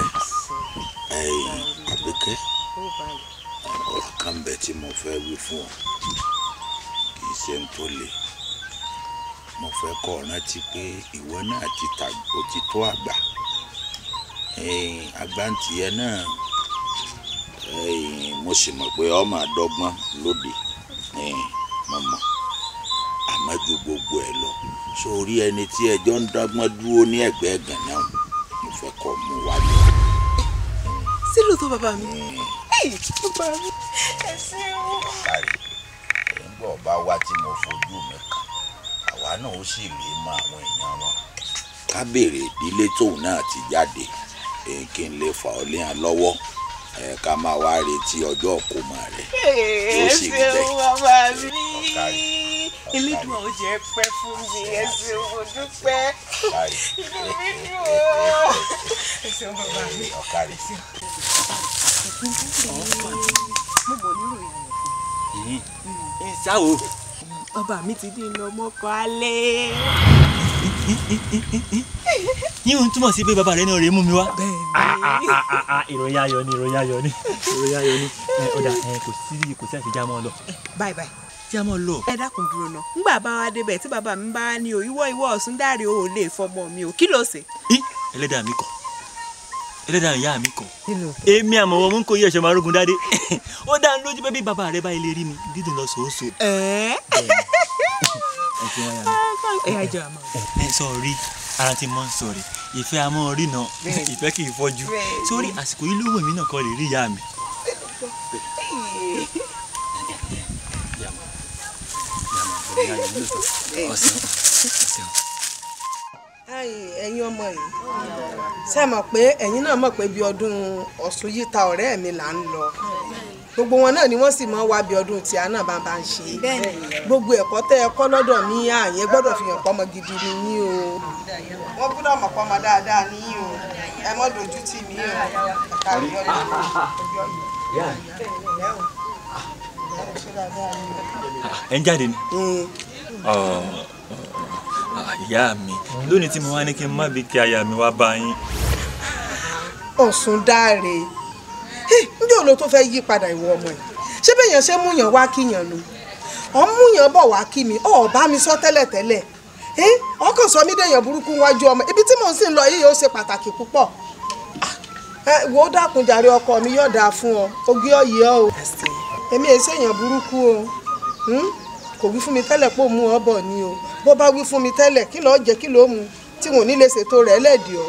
àbíkẹ́ ọ̀rọ̀ kan bẹ tí mo fẹ́ wí fún ọ kì í ṣe ń tó le mo fẹ́ kọ́ ọ rántí pé ìwọ náà ti ta o ti tó àgbà agbáǹtìyẹ náà mo sì mọ̀ pé ọmọ àdọ́gbọ́n lóde mo mọ̀ àmọ́ ju gbogbo ẹ̀ lọ sórí ẹni tí ẹjọ́ ń dọ́gbọ́n dúró ní ẹ̀gbẹ́ ẹ̀gàn náà mo fẹ́ kọ́ ọ mú wájú sí lóòótọ́ bàbá mi ó gbà mí ẹ ṣe o. kárí ẹ̀ ń bọ̀ bá wá tí mo fojú mi kàn àwa náà ó sì lè mọ àwọn èèyàn wọn. ká béèrè ìdílé tóun náà ti jáde èyí kí lè fà ọ́ léyàn lọ́wọ́ ẹ ká máa wá retí ọjọ́ ìkómọ rẹ yóò sì rí bẹ́ẹ̀ elédùn ọjọ́ ẹ pẹ́ fún mi ẹ ṣeun mo dúpẹ́ inú mi mi ọ̀kárí. mo ọba hmm. mi ti dín in lọ mọ́kọ́ alẹ́ yíyún túmọ̀ sí pé bàbá rẹ náà rè mú mi wá. Ah, ah, ah, ìròyìn ayọ̀ ni ìròyìn ayọ̀ ni ìròyìn ayọ̀ ni ọ̀dà eh, eh, kò sí kò sí àfijá mọ́ ọ lọ. báyìí báyìí tí a mọ̀ lọ. ẹ dákun dúró náà ngbà bá wa débẹ̀ tí bàbá mi bá ní ìwọ ìwọ ọ̀sùn dáre o ò lè fọmọ mi o kí ló ṣe. ẹlẹ́dàá mi kọ̀ ẹlẹ́dàá ìyá mi kọ̀ èmi àmọ̀wọ́ mú kó yí ẹ̀ṣọ́ marógun dáadé *laughs* ó dá lójú pé bí bàbá rẹ bá ilé rí mi dídùn lọ sòóso. ẹ ẹ ẹ ti wáyà mi ẹ ajá ma. ẹ sọ rí ara ti mọ sọrí ìfẹ́ a mọ rí náà ìfẹ́ kì í fọ́jú sórí àsìkò yìí ló wù mí náà kọ́ lè rí ìyá mi. ẹ̀yin ọmọ yìí ṣe mọ̀ pé ẹ̀yin náà mọ̀ pé bí ọdún Ọ̀ṣun yìí ta ọ̀rẹ́ mi là ń lọ gbogbo wọn náà ni wọ́n sì máa ń wá bí ọdún tí a náà bá bá ń ṣe gbogbo ẹ̀kọ́ tẹ́ ẹ kọ́ lọ́dọ̀ mi àyẹ gbọ́dọ̀ fi hàn pọ́mọ gidi ni yín o wọ́n gbọ́dọ̀ mọ̀ pọ́mọ dáadáa ni yín o ẹ mọ́ dojú tì mí o kárí ọ̀rẹ́ ẹ ń jáde ni ìyá mi lónìí tí mo wá ní kí n má bí kí aya mi wá bá yín. Ọ̀sùn dáre njẹ́ òun ló tó fẹ́ẹ́ yí padà ìwọ ọmọ yìí ṣé bẹ́ẹ̀ yẹn ṣe múyàn wá kíyàn nu ọ̀ ń múyàn bọ̀ wá kí mi ọ̀ bá mi sọ tẹ́lẹ̀tẹ́lẹ̀ ọkàn sọ mí dẹ̀yàn burúkú wájú ọmọ ibi tí mò ń sìn lọ yìí yóò ṣe pàtàkì púpọ̀ ah, wò ó dákun jàre ọkọ mi yóò dáa fún ọ ogí ọyẹ ọ o èmi èsì èèyàn burúkú o hmm? kò wí fún mi tẹ́lẹ̀ pò mú ọ bọ̀ ni o bó bá wí fún mi tẹ́lẹ̀ kí lọ́ọ́ jẹ́ kí ló mu tí wọn ò ní lè ṣètò rẹ̀ lẹ́ẹ̀dì ọ́.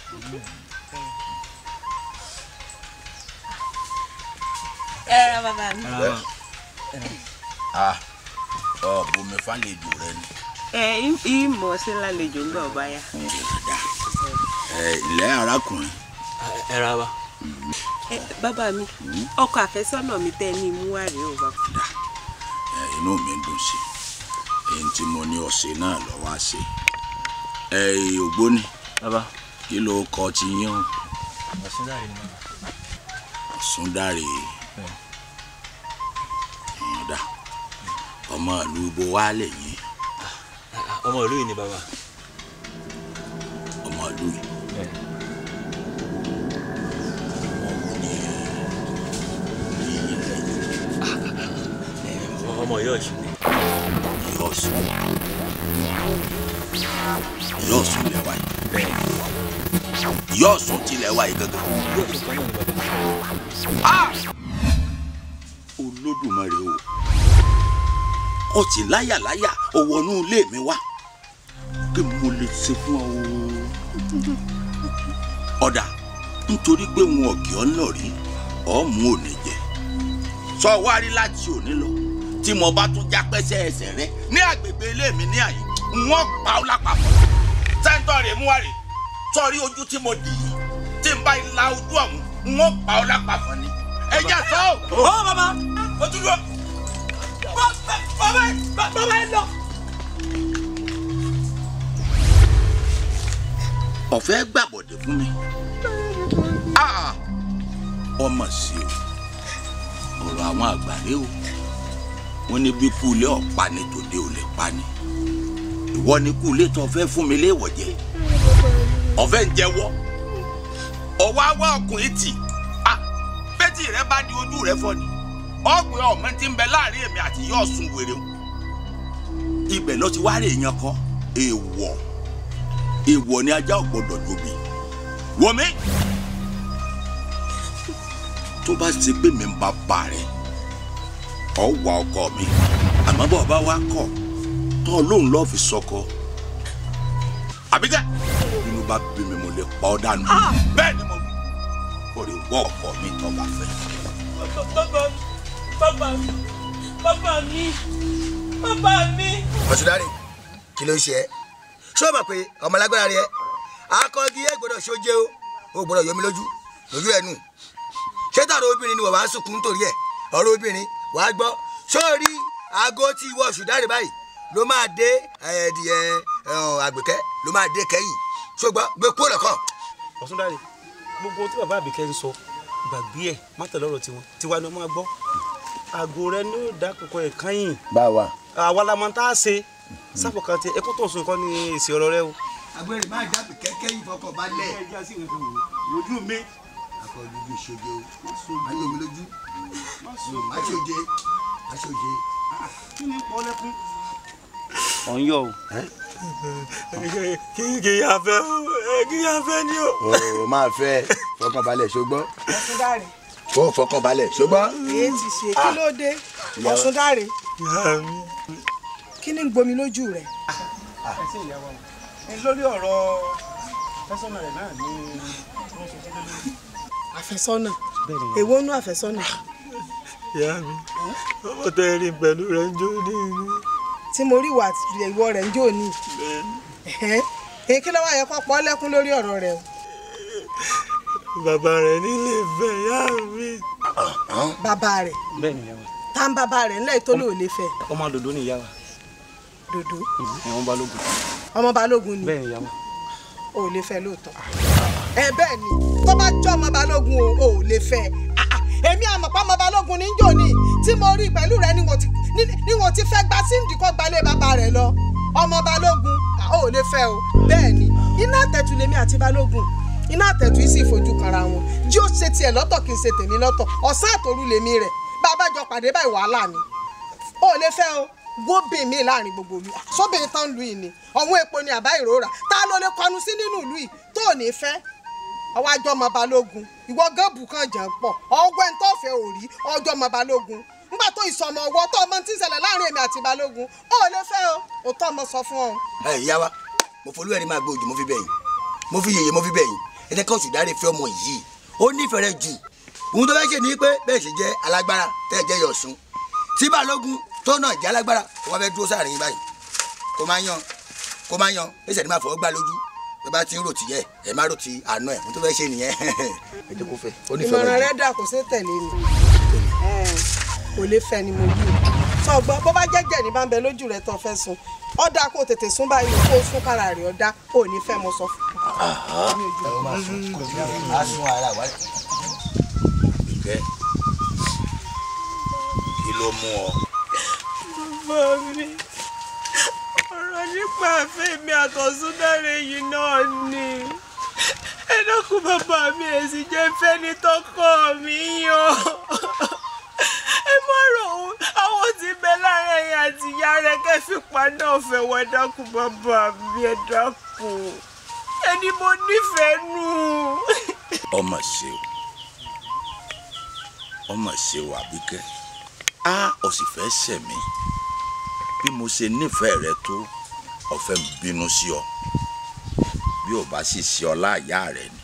ẹran bàbá mi. Ah, ọ bomi fàlejò rẹ ni. ẹ ìmọ̀ sí ya. ẹ ilẹ̀ arákùnrin. mi hmm? ọkọ àfẹ́sọ́nà mi tẹ́ ni imú wà rèé o inú mi dùn sí i èyí tí mo ní ọ̀sẹ̀ náà lọ́wọ́ àṣẹ. ẹ ògbóni. kí ló kọ ti yán. Ọ̀súndàrè ni màmá. Ọ̀súndàrè. ọ̀dà ọmọ ìlú bo wá lẹ́yìn. ọmọ ìlú yìí ni bàbá. ọmọ ìlú yìí. ọmọ yọ̀ọ̀sù ni. yọ̀ọ̀sù yìí yóò sùn tilẹ̀ wá yìí gangan. Ah! olódùmarè o ó ti láyàláyà ó wọnú ilé mi wá kí mo lè ṣe fún ọ ọ̀dà nítorí pé wọn ọ̀gẹ́ ọ náà rí ọ̀mú òní jẹ sọ wá rí láti òní lọ tí mo bá tún jápẹ́sẹ̀ ẹsẹ̀ rẹ ní agbègbè ilé mi ní àyè wọ́n pa ọ́ lápapọ̀ sẹ́ńtọ̀ rẹ̀ mú wá rèé torí ojú tí mo dì í tí n bá la ojú ọ̀hún n ó pa ọ́ lápá fún ni. ẹ jẹ́ sọ ọ bàbá o lọ. bàbá bàbá ẹ lọ. ọ̀fẹ́ gbàbọ̀dẹ̀ fún mi ọmọ sí o ọ̀rọ̀ àwọn àgbàre o wọ́n ní bí kú ọ̀pá ni tòde ò lè pa ni ìwọ ni kú tó fẹ́ fún mi léèwọ̀ jẹ́. ọ̀fẹ́ ń jẹ́wọ́ ọ̀wá wá ọkùnrin tì A bẹ́tì rẹ bá di ojú rẹ fọ́ ni ọ̀gbìn ọ̀mọ ti ń bẹ láàrin èmi àti yóò sun wèrè o ibẹ̀ ló ti wá rí èèyàn kan èèwọ̀ èèwọ̀ ni ajá ò gbọdọ̀ lóbi wọmi tó bá ṣe pé mi ń bá ba rẹ ọ wà ọkọ mi àmọ́ bọ́ ọ bá wá kọ̀ lóun lọ́ọ́ fi sọkọ àbíkẹ́. bá bí mi mo lè pa ọ́ dànù. Ah! bẹ́ẹ̀ ni mo wí kò lè wọ́ ọkọ mi tó bá fẹ́. bàbá bàbá bàbá mi bàbá mi. ọ̀sùnárì kí ló ń ṣe ẹ́ ṣé o mọ̀ pé ọmọ alágbára rẹ akọ́gi ẹ̀ gbọ́dọ̀ ṣoje o ò gbọ́dọ̀ yọmi lójú lójú ẹ̀ nù ṣé tààrà obìnrin ni wọ́n wá sunkún torí ẹ̀ ọ̀rọ̀ obìnrin wàá gbọ́ sórí aago tí ìwọ ọ̀sùnárì báyìí ló máa dé ẹ̀ẹ́dì ẹ̀ àgbẹ̀kẹ́ ló máa dé kẹ́yìn ṣùgbọ́n gbé kó lẹ́kọ̀. ọ̀sùndàrẹ́ gbogbo tí bàbá àbíkẹ́ ń sọ gbàgbé ẹ̀ má tẹ̀lé ọ̀rọ̀ tiwọn tiwa ni wọ́n máa gbọ́ àgọ́ rẹ ní ìdá kòkó ẹ̀ káyìn. báwa. àwa la máa tá a ṣe sáfọkàn tí ẹkún tó ń sun nǹkan èsì ọ̀rọ̀ rẹ o. àgbẹ̀rẹ̀ máa jáde kẹ́kẹ́ ìfọkànbalẹ̀. ojú mi. akọ̀dùdù ìṣojo ayọ̀mọlójú aṣoje aṣoje. kí ni pọ́lẹ́kún ọ̀ ń yọ o. kí kì í afẹ́ kí í afẹ́ ni o. o máa fẹ́ fọkànbalẹ̀ ṣùgbọ́n. o ó fọkànbalẹ̀ ṣùgbọ́n. èyí ti ṣe kí ló dé ọ̀sùndàrè. kí ni ń gbomi lójú rẹ̀. Ah. lórí ọ̀rọ̀ fẹ́sọ̀nà rẹ̀ náà ni wọ́n ṣe sílẹ̀ lórí. àfẹ́sọ́nà èwo nú àfẹ́sọ́nà. ìyá mi ọmọ tẹ́lẹ̀ pẹ̀lú rẹ̀ ń jó ní ìlú tí mo rí ìwà ìwọ rẹ̀ ń jò ní. èyí kí lọ́wọ́ yẹ kó pọ́ lẹ́kún lórí ọ̀rọ̀ rẹ̀ o. bàbá rẹ̀ nílé ìfẹ́ yá mi. bàbá rẹ̀ ta ń bàbá rẹ̀ ńlẹ̀ tó lò lè fẹ́. ọmọ dòdò ni ìyá wa. dòdò. ọmọ balógun. ọmọ balógun ni. bẹ́ẹ̀ ìyá wa. o ò lè fẹ́ lóòótọ́. ẹ bẹ́ẹ̀ ni tó bá jọ ọmọ balógun o ò lè fẹ́ ah, ah. èmi àmọ̀pá ọmọ balógun ní tí mo rí pẹ̀lú rẹ ni wọ́n ti fẹ́ gba síndì kọ́ gbalẹ̀ bàbá rẹ̀ lọ ọmọ balógun ò lè fẹ́ o bẹ́ẹ̀ ni iná àtẹ̀tù lèmi àti balógun iná àtẹ̀tù yìí sì fojú kanra wọn jí ó ṣe tiẹ̀ lọ́tọ̀ kí n ṣe tèmi lọ́tọ̀ ọ̀sán àtòru lèmi rẹ̀ bàbá jọ pàdé báyìí wàhálà ni ò lè fẹ́ o wó bìn mí láàrin gbogbo mi sóbìn tán lu ìní ọ̀hún epo ni àbá ìrora tá ló lè kọnu sí nínú ìlú yìí tó ní fẹ́ ọwọ́ ajọ́ ọmọ balógun ìwọ gẹ́bù kan jà ń pọ̀ ọgbẹ́ ń tọ́fẹ́ òrí ọjọ́ ọmọ balógun nígbà tó ìsọmọ ọwọ́ tó ọmọ tí ń ṣẹlẹ̀ láàrin èmi àti balógun ó lè fẹ́ o ò tọ́ ọmọ sọ fún ọ. ẹ ìyá wa mo folú ẹni máa gbé ojú mo fi bẹ̀ yín mo fi yèyé mo fi bẹ̀ yín ẹni kan ṣùgbọ́n àrè fẹ́ ọmọ yìí ó nífẹ̀ẹ́ rẹ jù òun tó fẹ́ ṣe ni pé bẹ́ẹ̀ ṣe jẹ́ alágbára tẹ́ ẹ jẹ́ yọ̀ sùn tí balógun tó náà jẹ́ alágbára wọ́n fẹ́ dúró sáàrin báyìí kó máa yan kó bí bá ti ń rò tìyẹ ẹ má rò àná ẹ mo tó fẹ́ ṣe nìyẹn. ìmọ̀ràn rẹ dà kó ṣe tẹ̀lé mi kò lè fẹ́ ni mo bí o sọgbọn bó bá jẹ́jẹ́ ní bá ń bẹ lójú rẹ tó fẹ́ sun ọ dáa kó o tètè sún báyìí kó o sún kára rẹ ọ dáa kó o ní fẹ́ mo sọ fún ìgbẹ́ kí ló mú ọ. bàbá mi ọ̀rọ̀ nípa àfẹ́ mi àtọ̀súndàrẹ́ yìí náà ni ẹ bàbá mi èsì jẹ́ fẹ́ni tọkọ mi yàn bẹ láàrin ẹ̀yin àti ìyá rẹ̀ kẹ́fì paná ọ̀fẹ́ wọ ẹ̀dákùn bàbá mi ẹ̀dákùn ẹni mo nífẹ̀ẹ́ nù. ọmọ ṣe o ọmọ ṣe o àbíkẹ́ a ò sì fẹ́ ṣẹ̀ mí bí mo ṣe nífẹ̀ẹ́ rẹ tó ọ̀fẹ́ mi bínú sí ọ bí ò bá sì ṣe ọ láàyà rẹ ni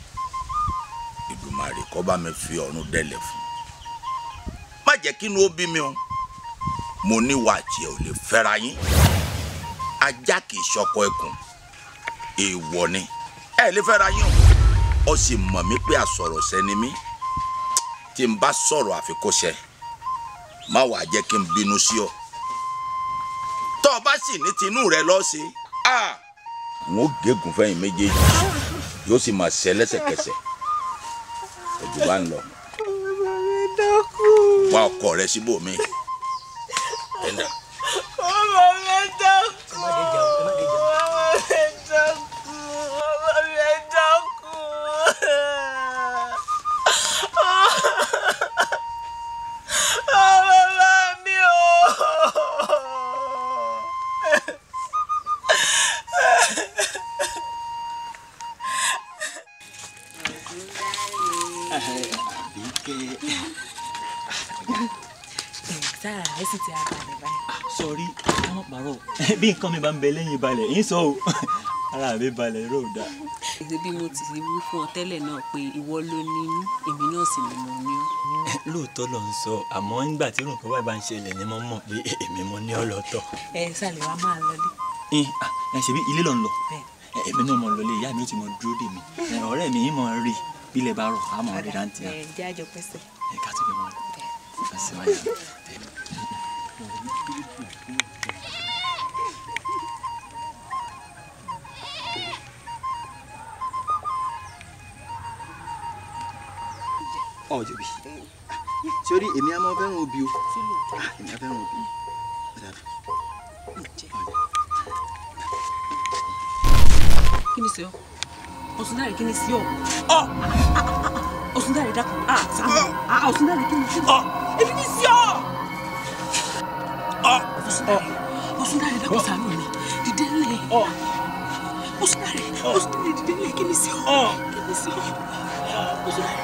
Ìdùmarè kó bá mi fi ọ̀run dẹ̀lẹ̀ fún má jẹ́ kí inú ó bí mi o mo níwà àti ẹ̀ ò lè fẹ́ra yín ajá kì í ṣọkọ ẹkùn èèwọ̀ ni ẹ lè fẹ́ra yín o sì mọ̀ mí pé àsọ̀rọ̀ sẹ́ni mí tí n bá sọ̀rọ̀ àfikúnṣe má wàá jẹ́ kí n bínú sí ọ tọ́ ọ bá sì ní tinú rẹ lọ sí a n ó gégùn fẹ́yìn méjèèjì yóò sì máa ṣẹ lẹ́sẹ̀kẹsẹ̀ ojú bá ń lọ wá ọkọ rẹ síbòmíì. 真的。ayé sì ti ara rẹ̀ báyìí. sọrí wọn pààrọ̀ bí nǹkan mi bá ń bẹ lẹ́yìn balẹ̀ yín sọ o *laughs* ara mi balẹ̀ rò dá. ṣe bí mo ti wí fún ọ tẹ́lẹ̀ náà pé ìwọ ló ní èmi náà sì ni mo ní. Eh, lóòótọ́ ló ń sọ àmọ́ nígbà tí nǹkan bá ń ṣẹlẹ̀ ni mo mọ̀ pé *laughs* èmi mo ní ọlọ́tọ̀. ẹ sàlẹ̀ wa máa lọlé. Eh, ah, ẹ ṣe bí ilé lọ ń lọ eh, èmi náà mo lọlé ìyá mi ó ti mọ dúró dè mí ọ̀rẹ́ mi yín mọ̀ rí bílẹ̀ bá rọ̀ àmọ́ rí rántí. ẹ jẹ́ àjọpẹ́sẹ̀. ẹ ká bí mo torí èmi á mọ fẹ́ràn obì o ah, èmi á fẹ́ràn obì kí ni sí ọ Ọ̀sùndàrè kí ni sí ọ Ọ̀sùndàrè dákun Ọ̀sùndàrè ah, ah, kí ni sí ọ oh. èmi ni sí ọ Ọ̀sùndàrè dákun oh. ṣàánú mi dìde lẹ Ọ̀sùndàrè Ọ̀sùndàrè dìde lẹ kí ni sí ọ oh. kí ni sí ọ Ọ̀sùndàrè.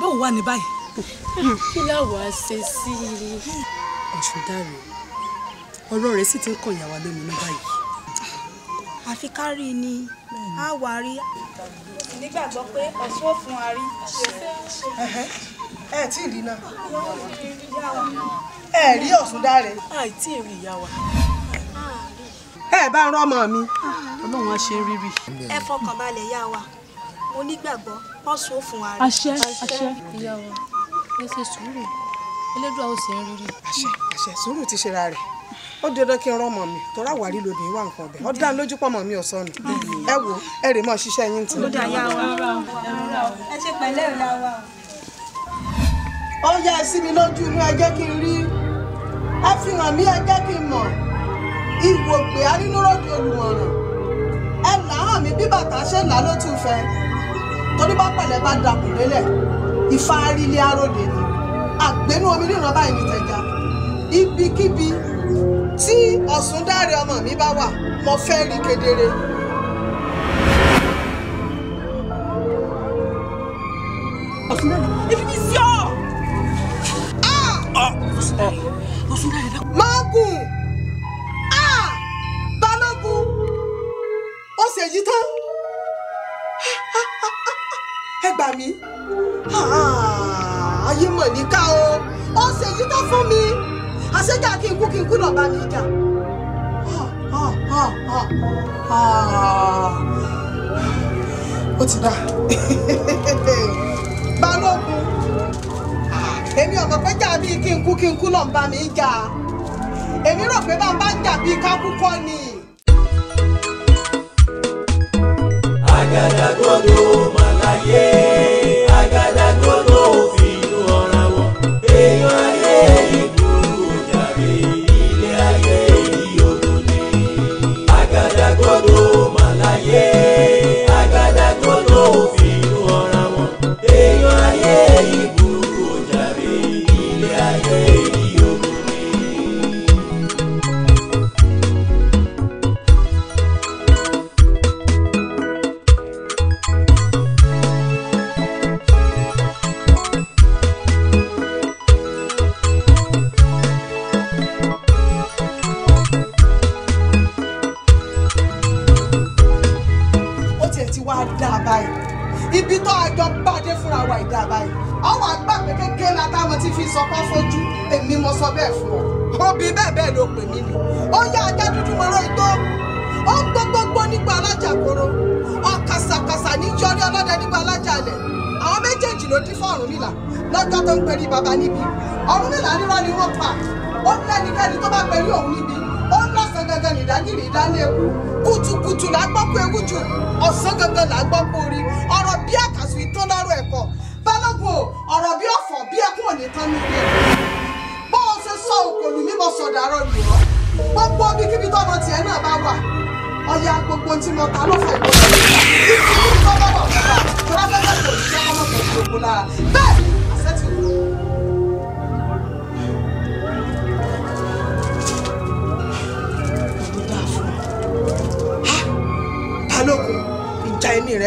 bóun wà ní báyìí. kí láwa ṣe sí i. ọ̀ṣun dàrú ọ̀rọ̀ rẹ̀ sì ti ń kàn yà lẹ́nu ní báyìí. àfi ká rí i ni a wà rí. nígbàgbọ́ pé ọ̀ṣun ò fún wa rí. ẹ tí ì rí náà. ẹ rí ọ̀ṣun dáre. àì tí ì rí ìyá wa ẹ bá ń rọmọ mi. Ah. ọlọ́run á ṣe rírì. ẹ fọkàn balẹ̀ yá wa onígbàgbọ́ pọ́sù ó fún wa rí. àṣẹ àṣẹ ìyá wa ẹ ṣe sùúrù elédùn àwọn sì ń rírí. àṣẹ àṣẹ sùúrù ti ṣera rẹ̀ ó di ọdọ kí n rọmọ mi tó rà wàrí lóbìnrin wà nǹkan ọbẹ ó dá lójú pọmọ mi ò sọnù ẹ wo ẹ rè mọ ṣiṣẹ́ yín tì. ó dà yá wa ẹ ṣe pẹ̀lẹ́ ìlà wa. ó yá ẹ sí mi lójú inú ẹ jẹ́ kí n rí ẹ fi hàn mí ẹ jẹ́ kí n mọ̀ ìwògbé arínúròdì olùmọ̀ràn ẹ là hàn mí bí bàtà ṣe là ló tún fẹ́ torí bá pẹ̀lẹ́ bá dàkùn lélẹ̀ ìfà arílé aróde ni àgbénú omi ríran báyìí ní tẹja ibikíbi tí Ọ̀ṣundáre ọmọ mi bá wà mo fẹ́ rí kedere. Ọ̀ṣundáre ibi gbọ́dọ̀ bá mi jà. ó ti dá *laughs* balógun èmi ọ̀nà pé jà bíi kí n kú kí n kú náà bá mi jà èmi rò pé bá ń bá ń jà bíi ká màláyé.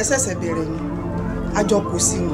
ṣẹ̀ṣẹ̀ bẹ̀rẹ̀ ni àjọ kò sí ni.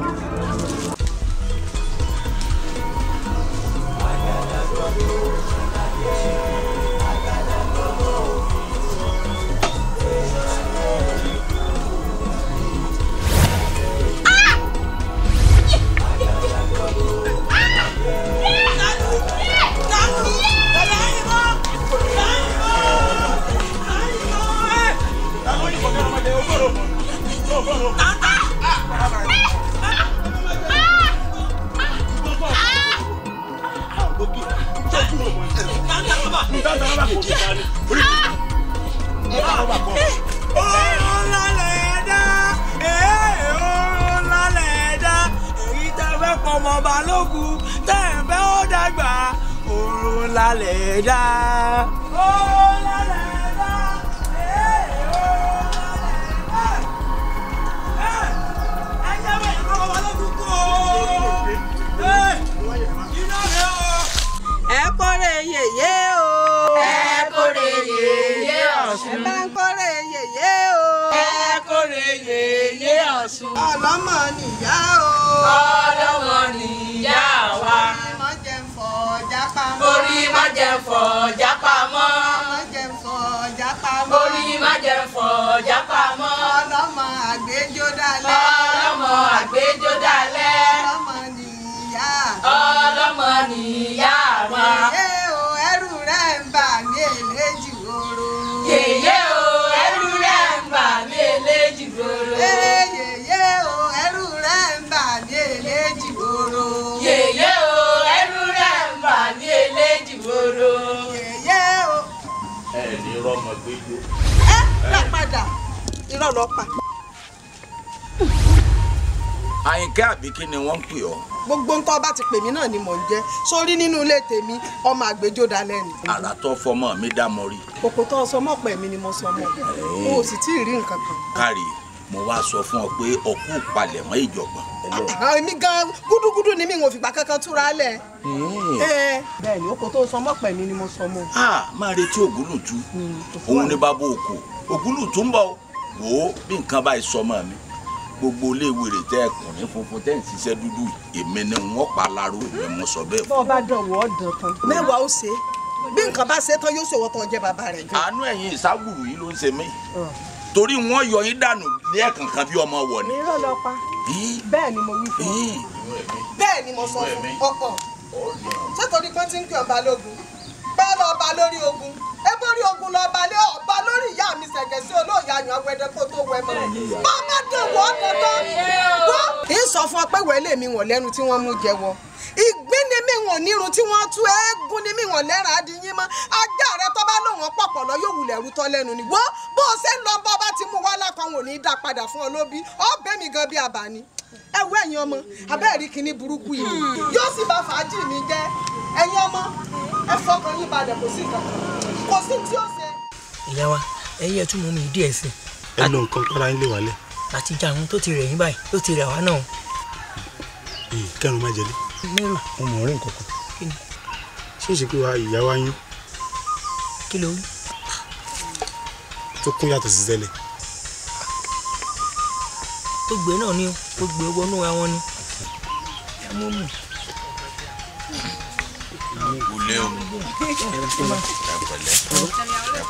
bá ti pè mí náà ni mò ń jẹ́ sórí nínú ilé tèmi ọmọ àgbẹjọ́ dalẹ̀ ni. àrà tó fọmọ mi dá mọ rí. kòkò tó sọmọ pẹ̀ mi ni mo sọmọ o ò sì tí ì rí nǹkan kan. kárí mo wá sọ fún ọ pé ọkú palẹ̀mọ́ ìjọ̀gbọ̀n. èmi gan gúdúgúdú ni mi ò fìgbà kankan túra lẹ̀. Hmm. bẹ́ẹ̀ni oko tó sọmọ pẹ̀ mi ni mo sọmọ. a máa retí ògúlùtú hmm, òun ni bàbá òkú ògúlùtú ń bọ̀ wò ó bí nǹkan báyìí sọmọ mi gbogbo iléèwé rẹ̀ tẹ́ ẹ̀kùn ní funfun tẹ́ ń ṣiṣẹ́ dúdú èmi ni wọ́n pa aláró mi mo sọ bẹ́ẹ̀. bọ́ọ̀ bá dàn wọ́ dàn tán. mẹ́wàá ó ṣe bí nǹkan bá ṣe tán yóò ṣòwò tán jẹ́ bàbá rẹ̀ jù. àánú ẹ̀yin ìságùrù yìí ló ń ṣe mí torí wọ́n yọ yín dànù ní ẹ̀kànkan bí ọmọ wọ̀ ni. irọ́ lọ pa bẹ́ẹ̀ ni mo wí fún ọ bẹ́ẹ̀ ni mo sọ fún ọ̀pọ̀ ṣé torí pé ó ti ń bọ́ọ̀lù ọba lórí ogun ebórí ogun lọ́ba lé ọba lórí ìyá mi ṣẹ̀gẹ̀ sí olóòyà yàn wẹ́dẹ́ kó tó wẹ mọ́ bá má dùn wọ́n dandan wọ́. kì í sọ fún ọ pé wẹ́lẹ̀ mi wọ̀n lẹ́nu tí wọ́n mú jẹ wọ ìgbín ni mi wọ̀n nírun tí wọ́n tú eégún ni mi wọ̀n lẹ́ra adìyín mọ́ ajá rẹ tó bá lò wọ́n pọ̀pọ̀ yóò wulẹ̀ rútọ́ lẹ́nu ni wọ́n bó o ṣe ń lọ bọ́ bá ti mú wá lákan wò ní dá padà fún ọ lóbi ọ bẹ́ mi gan bí abàní ẹ wọ ẹ̀yin ọmọ abẹ́ẹ̀rí kínní burúkú yìí yóò sì bá fàájì mi jẹ́ ẹ̀yin ọmọ ẹ fọkàn yín balẹ̀ kò sí nǹkan kò sí tí ó ṣe. ìyá wa ẹ yẹ tún mú mi díẹ̀ sí i. ẹ lọ nǹkan lọ́ra ń lè wálẹ̀. àti jàǹkú tó ti rẹ̀ yín báyìí tó ti rẹ̀ wá náà. kẹrùn má jẹlé. mẹ́rù. mo mọ̀ ọ́rẹ́ nǹkan kan. kí ni. ṣé ìṣèkú wa ìyá wa yún. kí ló ń. tó kún yàtọ̀ sí tẹ́lẹ̀. tó gbé náà ni ó gbé wọnú àwọn ni. ẹ mú pẹ̀lẹ́ o ẹ pẹ̀lẹ́ ẹ pẹ̀lẹ́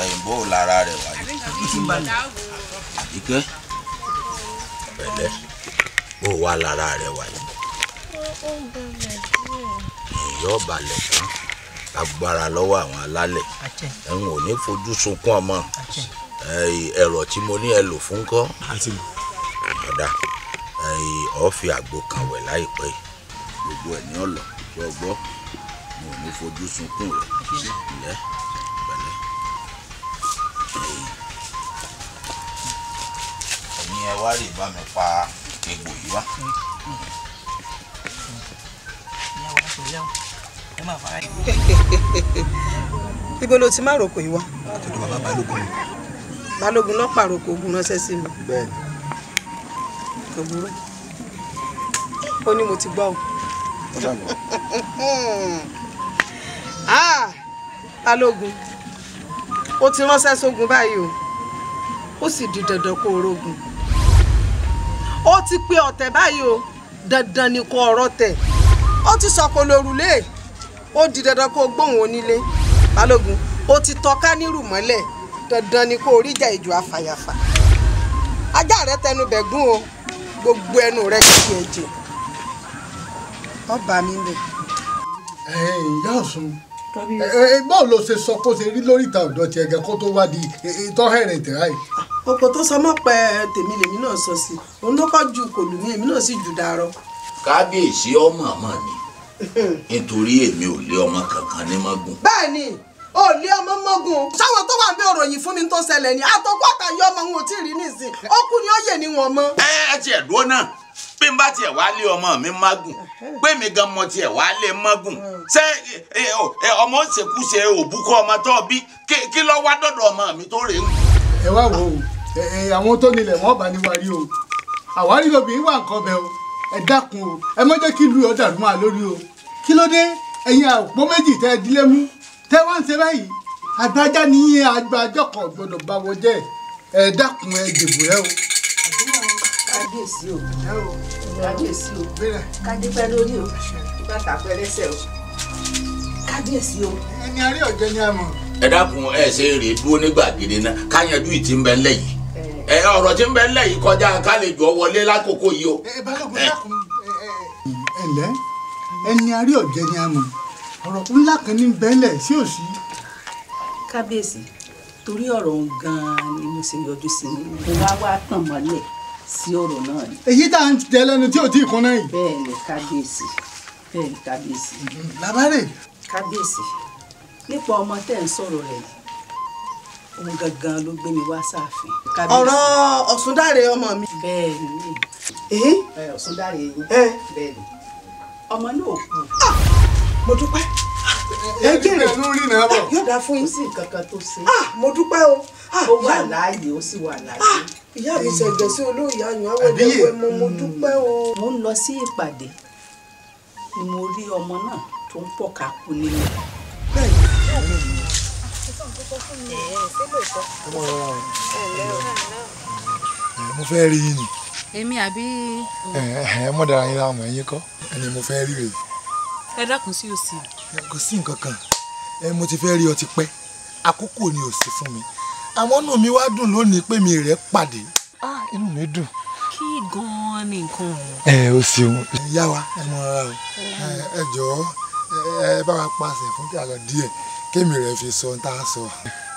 ẹyìnbó lára rẹ̀ wà ní. àbíkẹ́ pẹ̀lẹ́ bó wà lára rẹ̀ wà ní. ìyọ́ balẹ̀ tán agbára lọ́wọ́ àwọn alálẹ̀ ẹ̀hún ò ní fojú sunkún ọmọ ẹ̀rọ tí mo ní ẹ lò fún kọ́ ọ̀dà ọ̀ fi àgbo kan wẹ̀ láìpẹ́ gbogbo ẹ̀ ní ọ̀lọ́ ṣe ọgbọ́ mo ò ní fojú sunkún rẹ̀ ǹlẹ́ pẹ̀lẹ́. ẹ̀yin ẹ wá rí bá mi pa egbò yìí wá. *laughs* ibo ló ti má roko yìí wá. àtọ̀dọ̀ bàbá balógun ni. balógun ló pàrokò ogun ránṣẹ́ sí mi. bẹ́ẹ̀ni. kò burú ó ní mo ti gbọ́ o. *laughs* Ah, balógun ó ti ránṣẹ́ sógun báyìí o ó sì di dandan kó rogun ó ti pe ọ̀tẹ̀ báyìí o dandan ni kó ọ̀rọ̀ tẹ̀ ó ti sọ̀kò lórùlé ó di dandan kó gbóhùn onílé balógun ó ti tọ́ka nírù mọ́lẹ̀ dandan ni kó oríjà ìjọ afàyàfà ajá rẹ tẹnu bẹ̀gún o gbogbo ẹnu rẹ kìkì ẹ̀jẹ̀ ọba mi bẹ̀. Eh, ìyá ọ̀sùn eh, eh, báwo ló ṣe sọ kó ṣe rí lórí ìta ọ̀dọ̀ tiẹ̀ gẹ́ kó tó wá di ìtọ́hẹ̀rẹ̀ tẹ̀ra yìí. ọ̀pọ̀ tó sọ mọ́ pẹ́ tèmi lèmi náà sọ sí òun ló kọ́ ju kò lù mí èmi náà sì jù dárọ. kábíyèsí ọmọ ọmọ mi *laughs* nítorí èmi ò lé ọmọ kankan ní mọ́gùn. bẹ́ẹ̀ òòlì ọmọ mọ́gùn sáwọn tó wà ń bẹ ọ̀rọ̀ yìí fún mi tó ṣẹlẹ̀ ni àtọ́kọ́ àtàyọ ọmọ wọn ò tí ì rí nìsín ọkù ni ó yè ní wọn mọ́. ẹ ẹ tiẹ̀ dúró náà bí n bá tiẹ̀ wá lé ọmọ mi mágùn pé mi gan mọ tiẹ̀ wá lé mágùn ṣé ọmọ òṣèkúṣe òbúkọ ọmọ tó bí kí ló wá dọ̀dọ̀ ọmọ mi tó é ẹ wá wo àwọn tó nílẹ̀ wọ́n bá ní wárí o àwárí obìnrin wà nǹkan bẹ́ẹ̀ o ẹ dákun o ẹ má jẹ́ kí lu ọ̀dà lù máa lórí o kí ló dé ẹ̀yin àpò méjì tẹ́ ẹ dílé mú tẹ́ wá ń ṣe báyìí àgbájá ní àgbájọ kan gbọ́dọ̀ bá wọn jẹ́ ẹ dákun ẹ dìbò ẹ o. kábíyèsí o kábíyèsí o kádípẹ́ lórí o bàtà pẹ́rẹ́sẹ̀ o kábíyèsí o. ẹni arí ọ̀jẹ̀ ni a mọ̀. ẹ dákun ẹ ṣe eré dúró ní gbàgede náà káyanjú ìtì ń bẹ ńlẹ̀ yìí ẹ ọ̀rọ̀ tí ń bẹ ńlẹ̀ yìí kọjá ká lè jọ wọlé lákòókò yìí o. ẹ bá lọ́gbọ̀n dákun ẹ ẹ ẹ ẹ ẹni arí ọ̀jẹ̀ ni a mọ̀ ọ̀rọ̀ ńlá kan ní bẹ́ńlẹ̀ sí òsì. kábíyèsí torí ọ̀rọ̀ òun gan-an ni mo ṣe yọjú sí i mo wá wá tàn mọ́lẹ̀ sí ọ̀rọ̀ náà ni. èyí tá à ń jẹ lẹ́nu tí ò tí ì kún náà yìí. bẹ́ẹ̀ ni kábíyèsí bẹ́ẹ̀ ni kábíyèsí. Mm-hmm. làbárè. kábíyèsí nípa ọmọ tẹ́ ń sọ̀rọ̀ rẹ̀ yìí òun gangan ló gbé mi wá sáàfin. ọ̀rọ̀ ọ̀sùndáre ọmọ mi. bẹ́ẹ̀ ni yìí bẹ́ẹ̀ ọmọ náà kú. Ah! mo dúpẹ́. ẹ jẹ́rìí ẹnu rí náà bọ̀. yóò dáa fún yín. kò sí nǹkan kan tó ṣe. Ah, mo dúpẹ́ o. Ah, ó wà láàyè ó sì wà láàyè. Ah, ìyá mi ṣẹ̀jẹ̀ sí olóòyà yàn áwọ̀ ẹ̀dẹ̀wẹ̀ mo mm. mo dúpẹ́ o. mo ń lọ sí ìpàdé ni mo rí ọmọ náà tó ń pọ̀ kákú nínú. mo fẹ́ rí yín ni. èmi àbí. ẹ ẹ mọ̀ dára yín láwọn ẹ̀yin kọ́ ẹni mo fẹ́ rí rèé ẹ dákun sí òsì. kò sí nǹkan kan ẹ mo ti fẹ́ rí ọ ti pẹ́ àkókò ni ò sí fún mi àmọ́ inú mi wá dùn lónìí pé mi rẹ̀ pàdé inú mi dùn. kí gan-an ni nǹkan ọ̀hún. ẹ o ṣeun. ìyá wa ẹ mọ ara o ẹ jọ̀ọ́ ẹ bá wa paṣẹ fún kí a lọ díẹ̀ kémi rẹ fi sọ tá a sọ.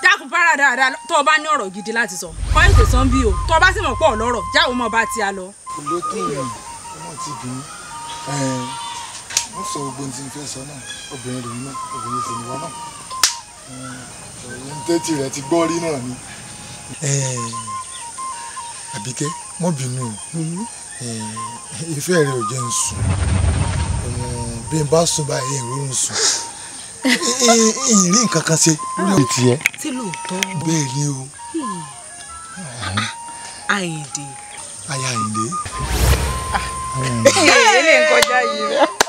dákun para dáadáa tó o bá ní ọ̀rọ̀ gidi láti sọ kọ́ ètò sàn bí o tó o bá sì mọ̀ pọ̀ lọ́rọ̀ jáwọ́ mọ́ bá ti a lọ. olótú rẹ̀ ọmọ ti dùn ún mo sọ gbogbo tí n fẹ́ sọ náà obìnrin lòun náà obìnrin sì ni wọn náà ẹ̀yìn tẹ́tì rẹ̀ ti gbọ́ rí náà ni. àbíkẹ́ mo bínú ìfẹ́ rẹ̀ ò jẹ́ n sùn bí n bá sùn báyìí ìrorùn sùn ìrìn nǹkan kan ṣe lórí ètì ẹ bẹ́ẹ̀ ni o. Àyìndé. aya Àyìndé. ilé nǹkan já yìí rẹ